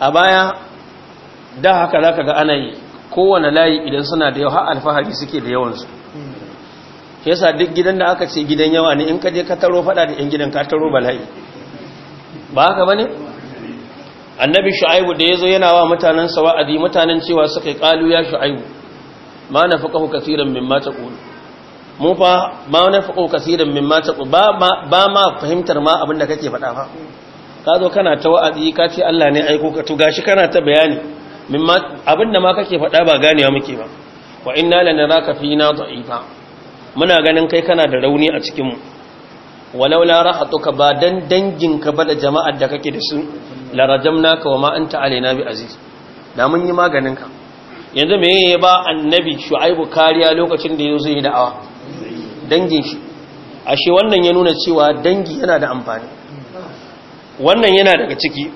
a baya da haka za ka ga ana yi kowane layi idan suna da yawa alfahari suke da yawansu Ke yasa duk gidan da aka ce gidan yawa ne in ka je ka taro fada da yan gidan ka taro bala'i ba haka ba ne annabi shu'aibu da yazo yana wa mutanen sa wa'adi mutanen cewa suka kalu ya shu'aibu ma nafaqahu kaseeran mimma taqul mu fa ma nafaqahu kaseeran mimma taqul ba ba ma fahimtar ma abin da kake faɗa fa ka zo kana ta wa'adi ka ce Allah ne aiko ka to gashi kana ta bayani mimma abin da ma kake faɗa ba ganewa muke ba wa inna lanaraka fina da'ifa muna ganin kai kana da rauni a cikin mu walaula rahatuka ba dan danginka ba da jama'ar da kake da su larajamnaka wa ma anta alaina bi aziz da mun yi maganin ka yanzu me ya ba annabi shu'aibu kariya lokacin da yazo zai da'awa dangin shi ashe wannan ya nuna cewa dangi yana da amfani wannan yana daga ciki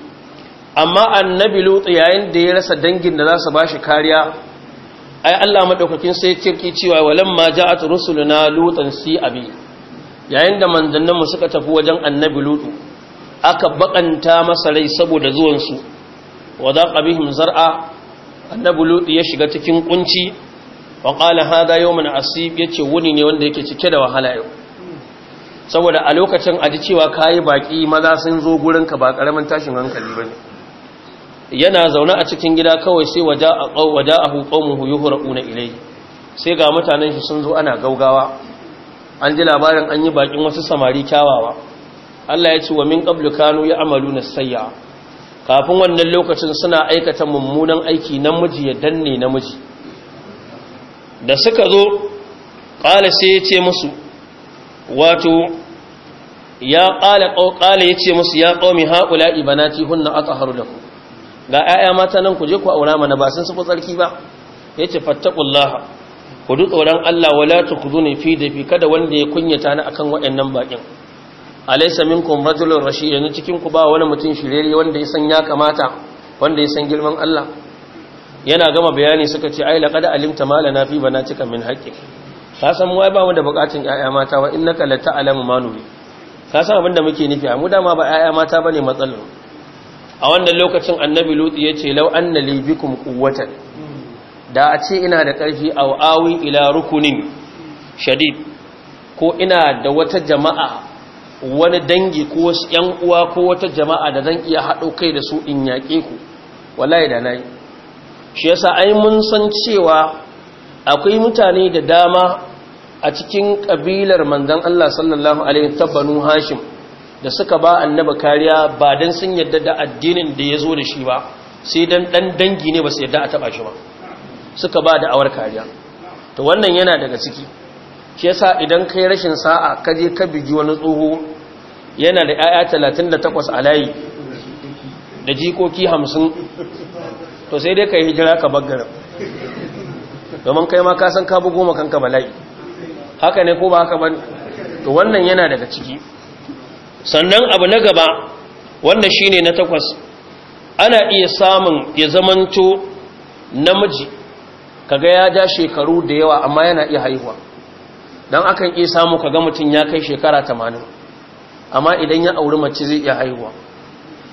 amma annabi lutu yayin da ya rasa dangin da za su bashi kariya ai Allah madaukakin sai kirki cewa walamma ja'at rusuluna lutan si abi yayin da mu suka tafi wajen annabi lutu aka bakanta masa rai saboda zuwansu wa za ƙabihim zar'a annabi luɗi ya shiga cikin ƙunci, wa qala hada yawmun asib yace wuni ne wanda yake cike da wahala yau saboda a lokacin aji cewa kayi baƙi maza sun zo gurin ka ba karamin tashin hankali bane yana zaune a cikin gida kawai sai waja'a qaw wada'ahu qawmuhu yuhraquna ilayhi sai ga mutanen shi sun zo ana gaugawa an ji labarin an yi bakin wasu samari kyawawa Allah ya ce wa min qablu kanu ya'maluna sayya kafin wannan lokacin suna aikata mummunan aiki namiji ya danne namiji da suka zo qala sai ya ce musu wato ya qala ko qala ya ce musu ya qaumi haula ibanati hunna ataharu lakum ga ayya mata nan ku je ku aura mana ba sun sufi tsarki ba yace fattaqullah ku du tsoron Allah wala tukhuzuni fi dafi kada wanda ya kunyata ni akan waɗannan baƙin. alaysa minkum rajulun rashid yanzu cikin ku ba wani mutum shiriri wanda ya san ya kamata wanda ya san girman Allah yana gama bayani suka ce ai laqad alimta ma lana fi bana cika min haqqi ka san mu ba mu da bukatun 'yaya mata wa innaka la ta'lamu ma nuri ka san abin da muke nufi a mu dama ba yaya mata bane matsalar a wannan lokacin annabi lutu ya law anna li bikum quwwatan da a ce ina da karfi aw awi ila rukunin shadid ko ina da wata jama'a wani dangi ko wasu ‘yan uwa ko wata jama'a da zan iya haɗo kai da su in yaƙe ku wallahi da nayi. shi yasa ai mun san cewa akwai mutane da dama a cikin kabilar manzon Allah sallallahu alaihi wa tabbanu hashim da suka ba annabi kariya ba don sun yadda da addinin da ya zo da shi ba sai dan ɗan dangi ne ba su yadda a taɓa shi ba suka ba da awar kariya to wannan yana daga ciki shi yasa idan kai rashin sa'a ka je ka biji wani tsoho yana da 'ya'ya 38 a layi da jikoki 50 to sai dai ka yi hijira ka baggara domin kai ma ka san ka bugo kanka bala'i haka ne ko ba haka bane to wannan yana daga ciki sannan abu na gaba wannan shine na takwas ana iya samun ya zamanto namiji kaga ya ja shekaru da yawa amma yana iya haihuwa don akan iya samu kaga mutum ya kai shekara tamanin amma idan ya auri mace zai iya haihuwa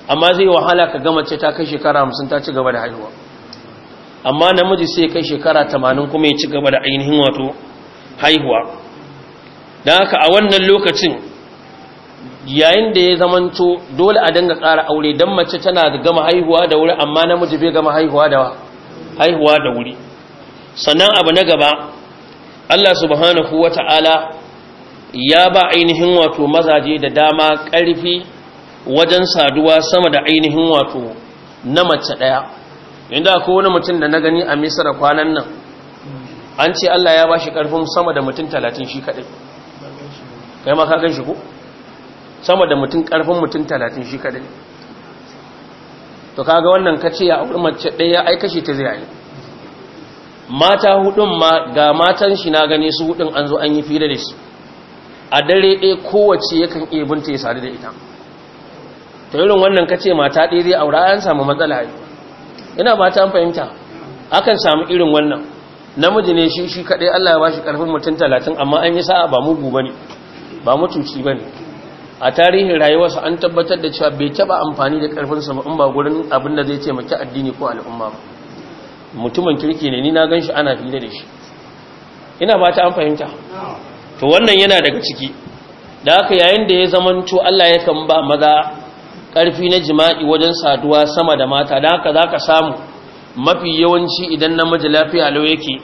amma zai wahala ka ga mace ta kai shekara hamsin ta ci gaba da haihuwa amma namiji sai kai shekara tamanin kuma ya ci gaba da ainihin wato haihuwa don haka a wannan lokacin yayin da ya zamanto dole a danga ƙara aure don mace tana gama haihuwa da wuri amma namiji bai gama haihuwa da wuri sannan abu na gaba Allah subhanahu wata'ala ya ba ainihin wato mazaje da dama ƙarfi wajen saduwa sama da ainihin wato na mace ɗaya inda akwai wani mutum da na gani a misira kwanan nan an ce Allah ya ba shi ƙarfin sama da mutum talatin shi kaɗai kai ma gan shi ko sama da mutum ƙarfin mutum talatin shi kaɗai to kaga wannan kace ya auri mace ɗaya ai kashe ta zai yi mata hudun ma ga matan shi na gane su hudun an zo an yi fira da shi a dare ɗaya kowace yakan iya binta ya sadu da ita ta irin wannan kace mata ɗaya zai aura an samu matsala yi ina ba ta fahimta akan samu irin wannan namiji ne shi shi kaɗai allah ya ba shi ƙarfin mutum talatin amma an yi sa'a ba mugu ba ne ba mutuci ba ne a tarihin rayuwarsa an tabbatar da cewa bai taɓa amfani da ƙarfinsa ba in abin da zai taimaki addini ko al'umma ba mutumin kirki ne ni na gan shi ana hira da shi ina ba ta an fahimta to wannan yana daga ciki da haka yayin da ya zamanto Allah ya kan ba maza ƙarfi na jima'i wajen saduwa sama da mata da haka za ka samu mafi yawanci idan namiji lafiya lau yake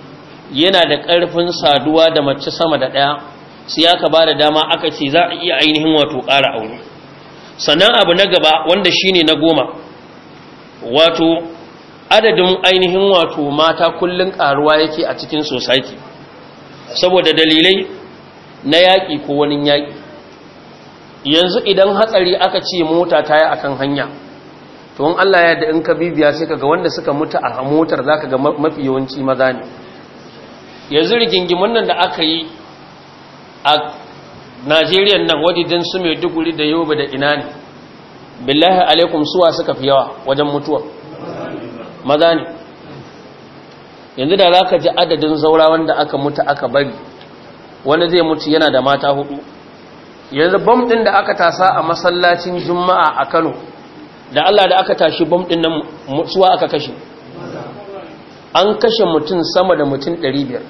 yana da ƙarfin saduwa da mace sama da ɗaya sai ka ba da dama aka ce za a iya ainihin wato ƙara aure sannan abu na gaba wanda shine na goma wato adadin ainihin wato mata kullun karuwa yake a cikin society saboda dalilai na yaƙi ko wani yaƙi yanzu idan hatsari aka ce mota ta yi akan hanya to Allah ya da in ka bibiya sai kaga wanda suka mutu a motar za ka ga mafi yawanci maza ne yanzu rigingimin nan da aka yi a Najeriya nan wadidin su mai duguri da yobe da ina ne billahi alaikum suwa suka fi yawa wajen mutuwa maza ne yanzu da za ka ji adadin zaura wanda aka mutu aka bari wani zai mutu yana da mata hudu yanzu bom din da aka tasa a masallacin juma'a a kano da allah da aka tashi bom din nan mutuwa aka kashe an kashe mutum sama da mutum 500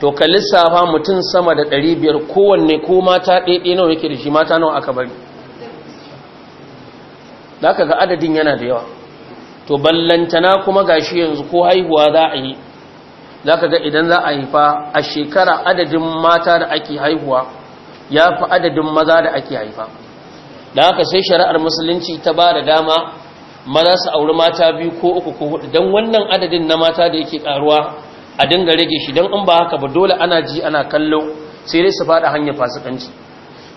to ka lissafa mutum sama da 500 kowanne ko mata ɗaiɗe nawa yake da shi mata nawa aka bari da aka ga adadin yana da yawa to ballantana kuma gashi yanzu ko haihuwa za a yi za ka ga idan za a haifa a shekara adadin mata da ake haihuwa ya fi adadin maza da ake haifa da haka sai shari'ar musulunci ta ba da dama maza su auri mata biyu ko uku ko hudu don wannan adadin na mata da yake karuwa a dinga rage shi don in ba haka ba dole ana ji ana kallo sai dai su faɗa hanyar fasikanci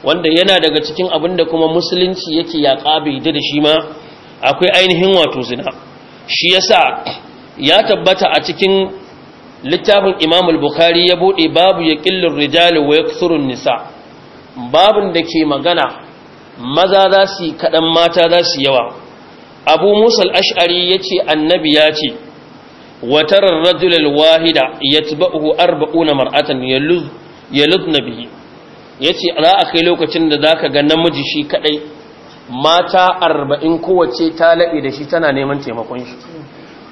wanda yana daga cikin abin da kuma musulunci yake yaƙa bai da shi ma akwai ainihin wato zina shi yasa ya tabbata a cikin littafin Imam al-Bukhari ya bude babu ya qillur rijal wa yakthurun nisa babun da ke magana maza za su kadan mata za su yawa Abu Musa al-Ash'ari yace annabi ya ce wa tarar rajul al-wahida yatba'uhu 40 mar'atan yaluz yaluz bihi yace za a kai lokacin da zaka ga namiji shi kadai mata arba'in kowace ta laɓe da shi tana neman taimakon shi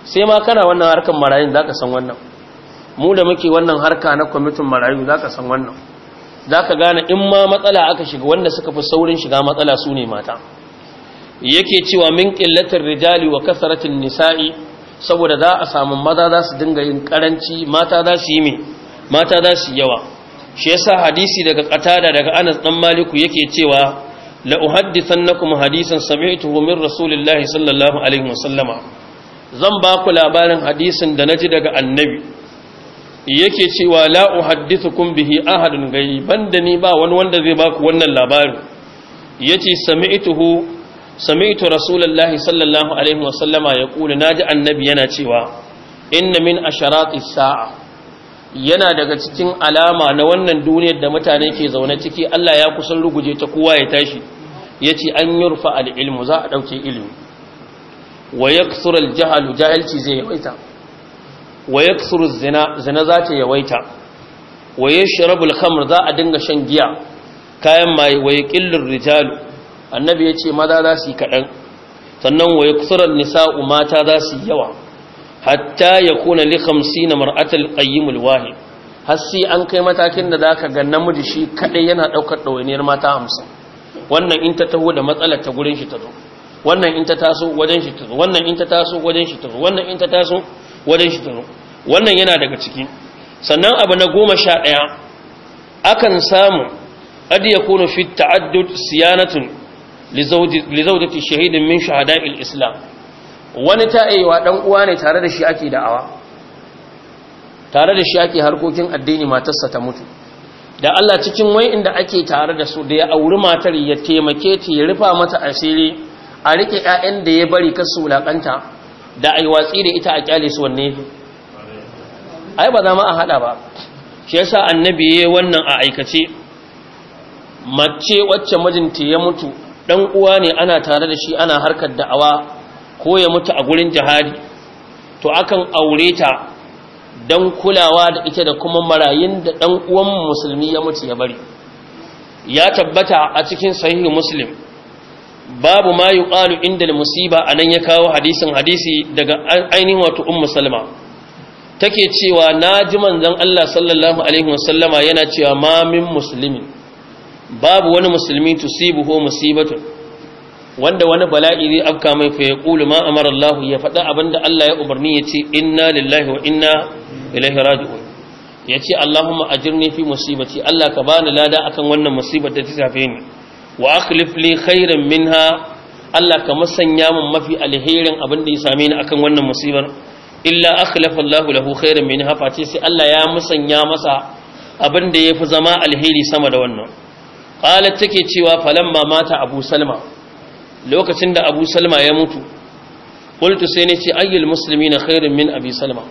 sai ma kana wannan harkar marayun za ka san wannan mu da muke wannan harka na kwamitin marayu za ka san wannan za ka gane in ma matsala aka shiga wanda suka fi saurin shiga matsala su ne mata yake cewa min ƙillatar rijali wa kasaratin nisa'i saboda za a samu maza za su dinga yin karanci mata za su yi mai mata za su yawa shi yasa hadisi daga katada daga Anas ɗan Maliku yake cewa la uhaddithannakum hadisan sami'tuhu min rasulillahi sallallahu alaihi wasallama zan ba ku labarin hadisin da naji daga annabi yake cewa la uhaddithukum bihi ahadun gai banda ni ba wani wanda zai baku wannan labarin yace sami'tuhu sami'tu rasulullahi sallallahu alaihi wasallama yaqulu naji annabi yana cewa inna min asharati sa'a yana daga cikin alama na wannan duniyar da mutane ke zaune ciki Allah ya kusan ruguje ta kowa ya tashi yace an yurfa al-ilmu za a dauke ilimi wa yaksuru al-jahalu jahilci zai yawaita wa yaksuru zina zina za ta yawaita wa yashrabu al-khamr za a dinga shan giya kayan mai wa yaqillu rijalu annabi ya ce maza za su yi kadan sannan wa yaksuru an-nisa'u mata za su yi yawa hatta ya kuna li 50 mar'atul qayyimul wahid har sai an kai matakin da za ka ga namiji shi kaɗai yana ɗaukar ɗawainiyar mata hamsin, wannan in ta taho da matsalar ta gurin shi ta zo wannan in ta taso wajen shi ta zo wannan in ta taso wajen shi ta zo wannan in ta taso wajen shi ta zo wannan yana daga ciki sannan abu na goma sha ɗaya akan samu ad yakunu fi ta'addud siyanatun li zawjati shahidin min shuhada'il islam wani ta'ewa dan uwa ne tare da shi ake da'awa tare da shi ake harkokin addini matarsa ta mutu da Allah cikin wai inda ake tare da su da ya auri matar ya taimake ta ya rufa mata asiri a rike ƴaƴan da ya bari ka su da da yi watsi da ita a kyale su wanne ai ba za ma a haɗa ba shi sa annabi yi wannan a aikace mace wacce mijinta ya mutu ɗan uwa ne ana tare da shi ana harkar da'awa ko ya mutu a gurin jihadi to akan aure ta don kulawa da ita da kuma marayun da ɗan uwan musulmi ya mutu ya bari ya tabbata a cikin sahihu muslim babu ma yuqalu inda musiba a nan ya kawo hadisin hadisi daga ainihin wato ummu salma take cewa na ji manzan Allah sallallahu alaihi wasallama yana cewa ma min muslimin babu wani musulmi ho musibatun wanda wani bala'i zai afka mai fa yaqulu ma amara Allah ya faɗa abinda Allah ya umarni ya ce inna lillahi wa inna ilaihi raji'un ya ce Allahumma ajirni fi musibati Allah ka bani lada akan wannan musibar da ta shafe ni wa akhlif li khairan minha Allah ka masanya min mafi alherin da ya same ni akan wannan musibar illa akhlafa Allahu lahu khairan minha fa ce sai Allah ya musanya masa abin abinda yafi zama alheri sama da wannan qalat take cewa falamma mata Abu Salma lokacin da abu salma ya mutu qultu sai nace ayyul na khairun min abi salma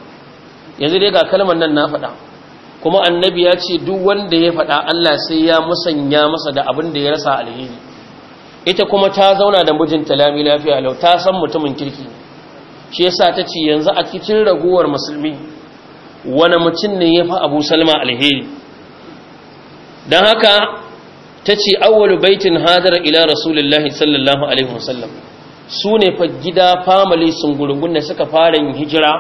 yanzu dai ga kalmar nan na faɗa kuma annabi ya ce duk wanda ya faɗa Allah sai ya musanya masa da abin da ya rasa alheri ita kuma ta zauna da mijinta lami lafiya lau ta san mutumin kirki shi yasa ta ce yanzu a cikin raguwar musulmi wani mutum ne ya fi abu salma alheri don haka ta ce awwalu baitin hadara ila rasulullahi sallallahu alaihi wasallam su ne fa gida family sun gurgun suka fara yin hijira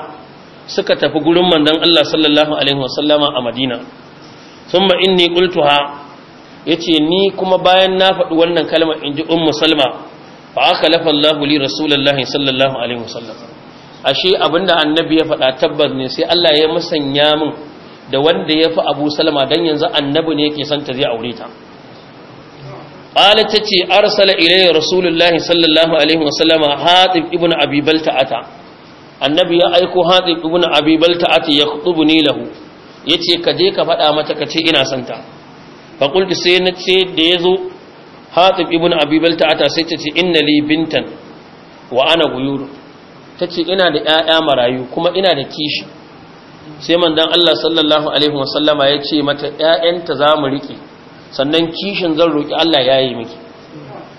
suka tafi gurin mandan Allah sallallahu alaihi wasallama a Madina thumma inni qultuha yace ni kuma bayan na faɗi wannan kalma inji ummu salma fa akhalafa Allahu li rasulullahi sallallahu alaihi wasallam ashe abinda annabi ya faɗa tabbas ne sai Allah ya musanya min da wanda ya fi Abu Salma dan yanzu annabi ne yake son ta zai aure ta qalat tace arsala ilayya rasulullahi sallallahu alaihi wasallam hatib ibn abi annabi ya aiko hatib ibn abi balta'ati yakhtubuni lahu yace ka je ka faɗa mata ka ce ina santa fa qultu sai na ce da yazo hatib ibn abi sai tace inna li bintan wa ana guyur tace ina da 'ya'ya marayu kuma ina da kishi sai manzon Allah sallallahu alaihi wasallama yace mata 'ya'yanta za mu rike sannan kishin zan roƙi Allah ya yi miki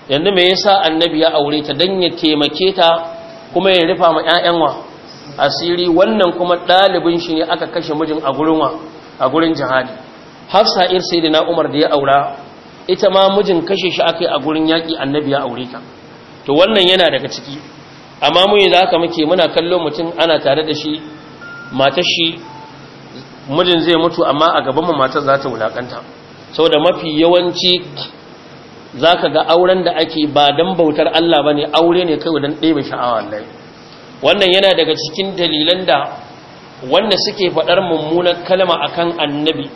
yanzu me yasa annabi ya aure ta dan ya taimake ta kuma ya rufa ma 'ya'yanwa? asiri wannan kuma ɗalibin shi ne aka kashe mijin a gurin wa a gurin jihadi hafsa ir da umar da ya aura ita ma mijin kashe shi aka yi a gurin yaki annabi ya aure ta to wannan yana daga ciki amma mu za ka muke muna kallo mutum ana tare da shi matar shi mijin zai mutu amma a gaban mu matar za ta wulaƙanta. Sau da mafi yawanci za ka ga auren da ake ba don bautar Allah ba ne aure ne kai dan ɗeba sha'awa Allah wannan yana daga cikin dalilan da wanda suke faɗar mummunan kalma akan annabi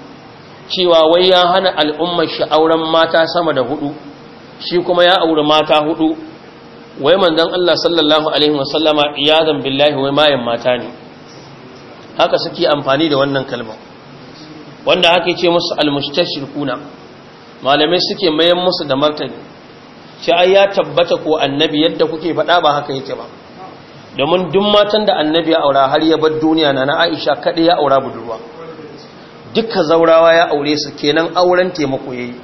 cewa wai ya hana al'ummar shi auren mata sama da hudu shi kuma ya auri mata hudu wai manzon Allah sallallahu alaihi wasallama Iyazan billahi wai mayan mata ne haka suke amfani da wannan kalmar wanda ake ce musu shirkuna, malamai suke mayan musu da martani ce ai ya tabbata ko annabi yadda kuke faɗa ba haka yake ba domin duk matan da annabi ya aura har ya bar duniya na na Aisha kaɗai ya aura budurwa duka zaurawa ya aure su kenan auren taimako yayi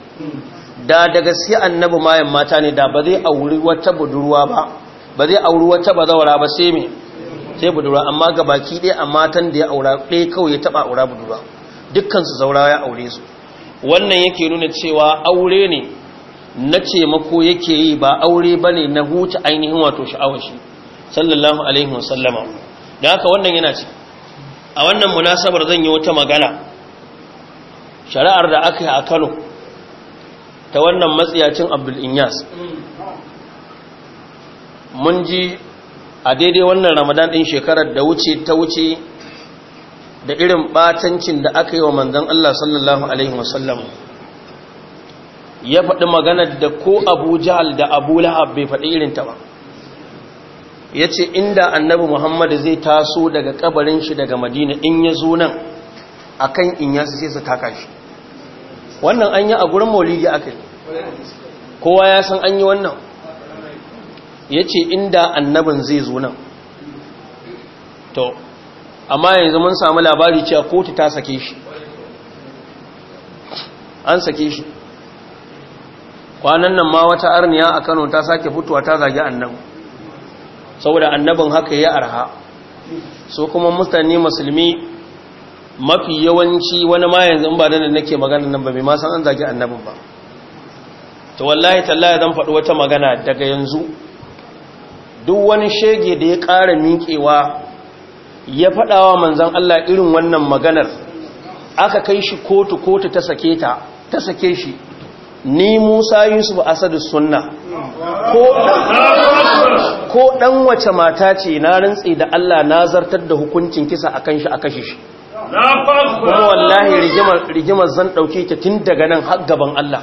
da da gaske annabi mayan mata ne da ba zai auri wata budurwa ba ba zai auri wata bazawara ba sai me sai budurwa amma ga baki ɗaya a matan da ya aura ɗaya kawai ya taba aura budurwa dukkan su zaura ya aure su wannan yake nuna cewa aure ne na ce mako yake yi ba aure bane na huta ainihin wato sha'awar shi sallallahu alaihi wasallama da haka wannan yana ci a wannan munasabar zan yi wata magana shari'ar da aka yi a Kano ta wannan matsiyacin Abdul Inyas mun ji a daidai wannan Ramadan din shekarar da wuce ta wuce da irin batancin da aka yi wa manzan Allah sallallahu alaihi wasallam ya faɗi magana da ko Abu Jahal da Abu la'ab bai faɗi irin ta ba ce inda annabi Muhammad zai taso daga kabarin shi daga Madina in ya zo nan kan in ya sai su taka shi wannan an yi a gurin Maulidi yi kowa ya san an yi wannan Ya ce inda annabin zai zo nan to amma yanzu mun samu labari cewa kotu ta sake shi an sake shi kwanan nan ma wata arniya a kano ta sake fitowa ta zagi annabu. saboda annabin haka ya arha so kuma mutane musulmi mafi yawanci wani ma yanzu ba da nake magana nan ba mai ma an zagi annabin ba to wallahi tallaya zan faɗi wata magana daga yanzu duk wani shege da ya ƙara miƙewa ya faɗawa manzan Allah irin wannan maganar aka kai shi kotu kotu ta sake ta ta sake shi ni Musa Yusuf Asadu Sunna ko ɗan wace mata ce na rantsi da Allah na zartar da hukuncin kisa akan shi a kashe shi kuma wallahi rigimar zan ɗauke ta tun daga nan har gaban Allah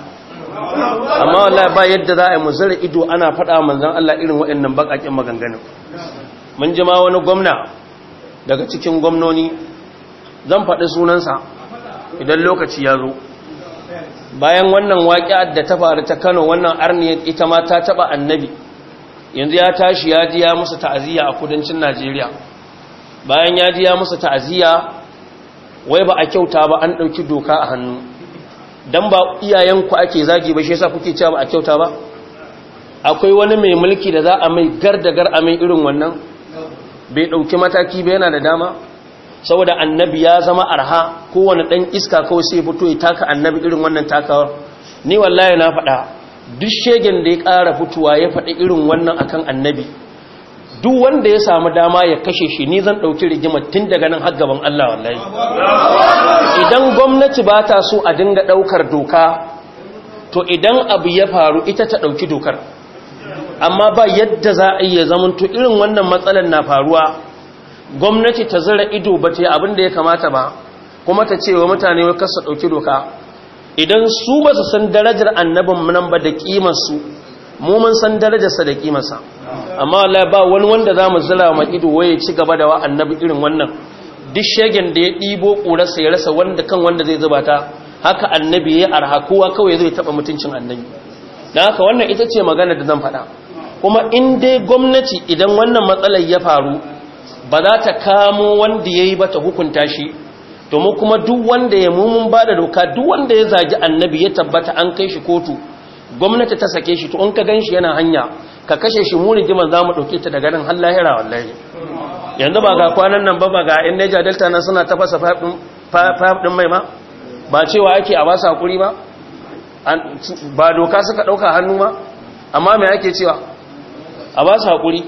amma wallahi ba yadda za a yi muzara ido ana faɗa manzan Allah irin waɗannan baƙaƙen maganganu. mun jima wani gwamna daga cikin gwamnoni zan faɗi sunansa idan lokaci ya zo bayan wannan waƙi da ta faru ta kano wannan arniyar ita ma ta taɓa annabi yanzu ya tashi ya ji ya musu ta'aziyya a kudancin najeriya bayan ya ji ya musu ta'aziyya wai ba a kyauta ba an ɗauki doka a hannu don ba iyayenku ake zagi ba shi yasa kuke cewa ba a kyauta ba akwai wani mai mulki da za a mai gar da gar a mai irin wannan bai ɗauki mataki ba yana da dama saboda annabi ya zama arha kowane dan iska kawai sai fito ya taka annabi irin wannan takawar ni wallahi na faɗa duk shegen da ya kara fitowa ya faɗi irin wannan akan annabi duk wanda ya samu dama ya kashe shi ni zan ɗauki rigima tun daga nan har gaban Allah wallahi idan gwamnati ba ta so a dinga ɗaukar doka to idan abu ya faru ita ta ɗauki dokar amma ba yadda za a iya zamanto irin wannan matsalar na faruwa gwamnati ta zira ido ba ta abin da ya kamata ba kuma ta ce wa mutane wai kasa ɗauki doka idan su ba su san darajar annabin nan ba da ƙimarsu mu mun san darajarsa da ƙimarsa amma wallahi ba wani wanda za mu zira ma ido wai ya ci gaba da wa annabi irin wannan duk shegen da ya ɗibo ƙurarsa ya rasa wanda kan wanda zai zuba ta haka annabi ya arha kowa kawai zai taɓa mutuncin annabi da haka wannan ita ce magana da zan faɗa kuma in dai gwamnati idan wannan matsalar ya faru ba za ta kamo wanda ya yi ba ta hukunta shi domin kuma duk wanda ya mummun ba da doka duk wanda ya zagi annabi ya tabbata an kai shi kotu gwamnati ta sake shi to in ka gan shi yana hanya ka kashe shi muni gima za mu ɗauke ta daga nan har lahira wallahi yanzu ba ga kwanan nan ba ba ga in neja delta nan suna tafasa fayaf din mai ma ba cewa ake a basa hakuri ba ba doka suka ɗauka hannu ma amma mai ake cewa a ba su haƙuri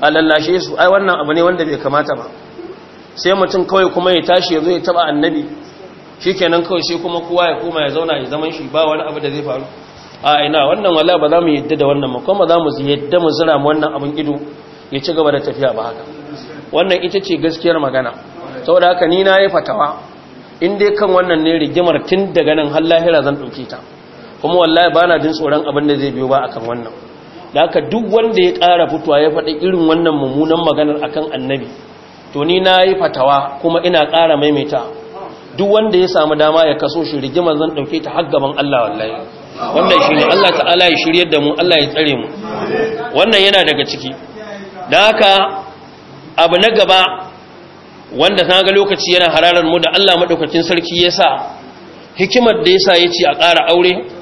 a lallashe su ai wannan abu ne wanda bai kamata ba sai mutum kawai kuma ya tashi ya zo ya taba annabi shi kenan kawai sai kuma kowa ya koma ya zauna ya zaman shi ba wani abu da zai faru a ina wannan wala ba za mu yadda da wannan makon ba za mu yadda mu zira mu wannan abin ido ya ci gaba da tafiya ba haka wannan ita ce gaskiyar magana saboda haka ni na yi fatawa in dai kan wannan ne rigimar tun daga nan har lahira zan ɗauke ta kuma wallahi ba na tsoron abin da zai biyo ba akan wannan da haka duk wanda ya ƙara fitowa ya faɗi irin wannan mummunan maganar akan annabi to ni na yi fatawa kuma ina ƙara maimaita duk wanda ya samu dama ya kaso shi rigimar zan ɗauke ta har gaban Allah wallahi wannan shi ne Allah ta'ala ya shiryar da mu Allah ya tsare mu wannan yana daga ciki da haka abu na gaba wanda na ga lokaci yana hararar mu da Allah maɗaukakin sarki ya sa hikimar da ya sa ya ce a ƙara aure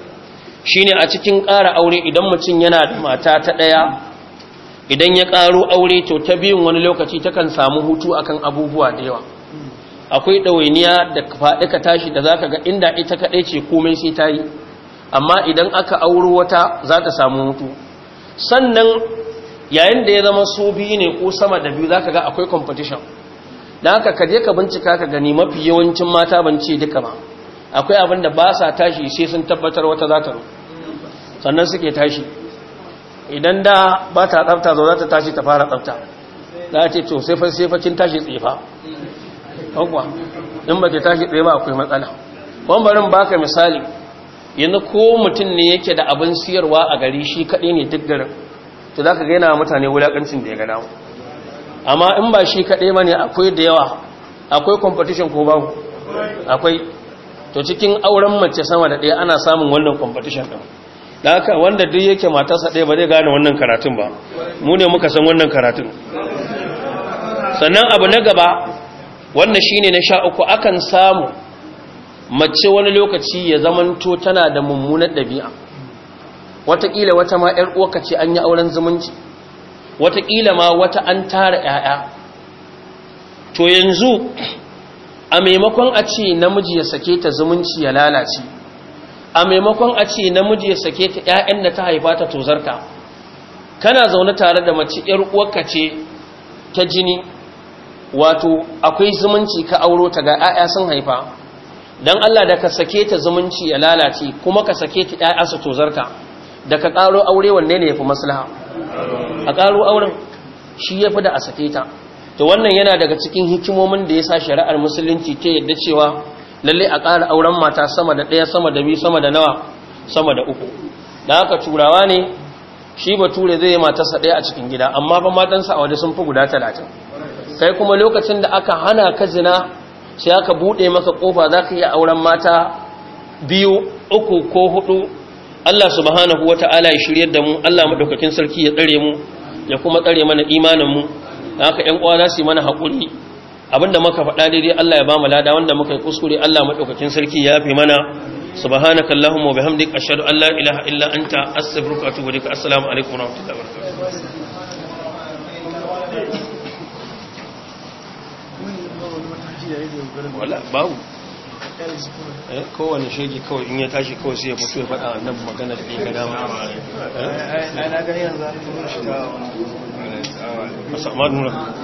shine a cikin ƙara aure idan mutum yana da mata ta ɗaya idan ya ƙaro aure to ta biyun wani lokaci ta kan samu hutu akan abubuwa da yawa akwai ɗawainiya da faɗi ka tashi da za ka ga inda ita kaɗai ce komai sai ta yi amma idan aka auro wata za ta samu hutu sannan yayin da ya zama so biyu ne ko sama da biyu za ka ga akwai competition don haka ka je ka bincika ka gani mafi yawancin mata ban ce duka ba akwai abin da ba sa tashi sai sun tabbatar wata za ta sannan suke tashi idan da ba ta tsafta zo za ta tashi ta fara tsafta za a ce to sai fa sai fakin tashi tsefa kwakwa in ba ta tashi tsaye ba akwai matsala ba ka misali yanzu ko mutum ne yake da abin siyarwa a gari shi kaɗai ne duk garin to za ka gaina mutane wulaƙancin da ya gana amma in ba shi kaɗai ma ne akwai da yawa akwai competition ko babu akwai to cikin auren mace sama da ɗaya ana samun wannan competition ɗin da haka wanda duk yake matarsa ɗaya ba zai gane wannan karatun ba mu ne muka san wannan karatun sannan abu na gaba wannan shine na sha uku akan samu mace wani lokaci ya zamanto tana da mummunar ɗabi'a wataƙila wata ma 'yar uwaka ce an yi auren zumunci wataƙila ma wata an tara 'ya'ya to yanzu a maimakon a ce namiji ya sake ta zumunci ya lalace a maimakon a ce namiji ya sake ta ƴaƴan da ta haifa ta tozarta kana zaune tare da mace ƴar uwarka ce ta jini wato akwai zumunci ka auro ta ga 'ya'ya sun haifa dan Allah da ka sake ta zumunci ya lalace kuma ka sake ta ƴaƴa su tozarta da ka karo aure wanne ne yafi maslaha a karo auren shi yafi da a sake ta to wannan yana daga cikin hikimomin da ya sa shari'ar musulunci ta yadda cewa lalle a ƙara auren mata sama da ɗaya sama da biyu sama da nawa sama da uku da haka turawa ne shi bature zai yi matarsa ɗaya a cikin gida amma ba matansa a waje sun fi guda talatin kai kuma lokacin da aka hana ka zina sai aka buɗe maka ƙofa za ka iya auren mata biyu uku ko huɗu. Allah subhanahu wa ta'ala ya shiryar da mu Allah maɗaukakin sarki ya tsare mu ya kuma tsare mana imanin mu naka haka ƴan uwa za su yi mana haƙuri abinda muka faɗa daidai Allah ya ba mu lada wanda muka yi kuskure Allah madaukakin sarki ya fi mana subhanaka allahumma wa bihamdika ashhadu an la ilaha illa anta astaghfiruka wa atubu ilaik assalamu alaikum wa rahmatullahi wa Eh, kowane shege kawai in ya tashi kawai sai ya mutu ya faɗa nan magana da ya gada eh? ma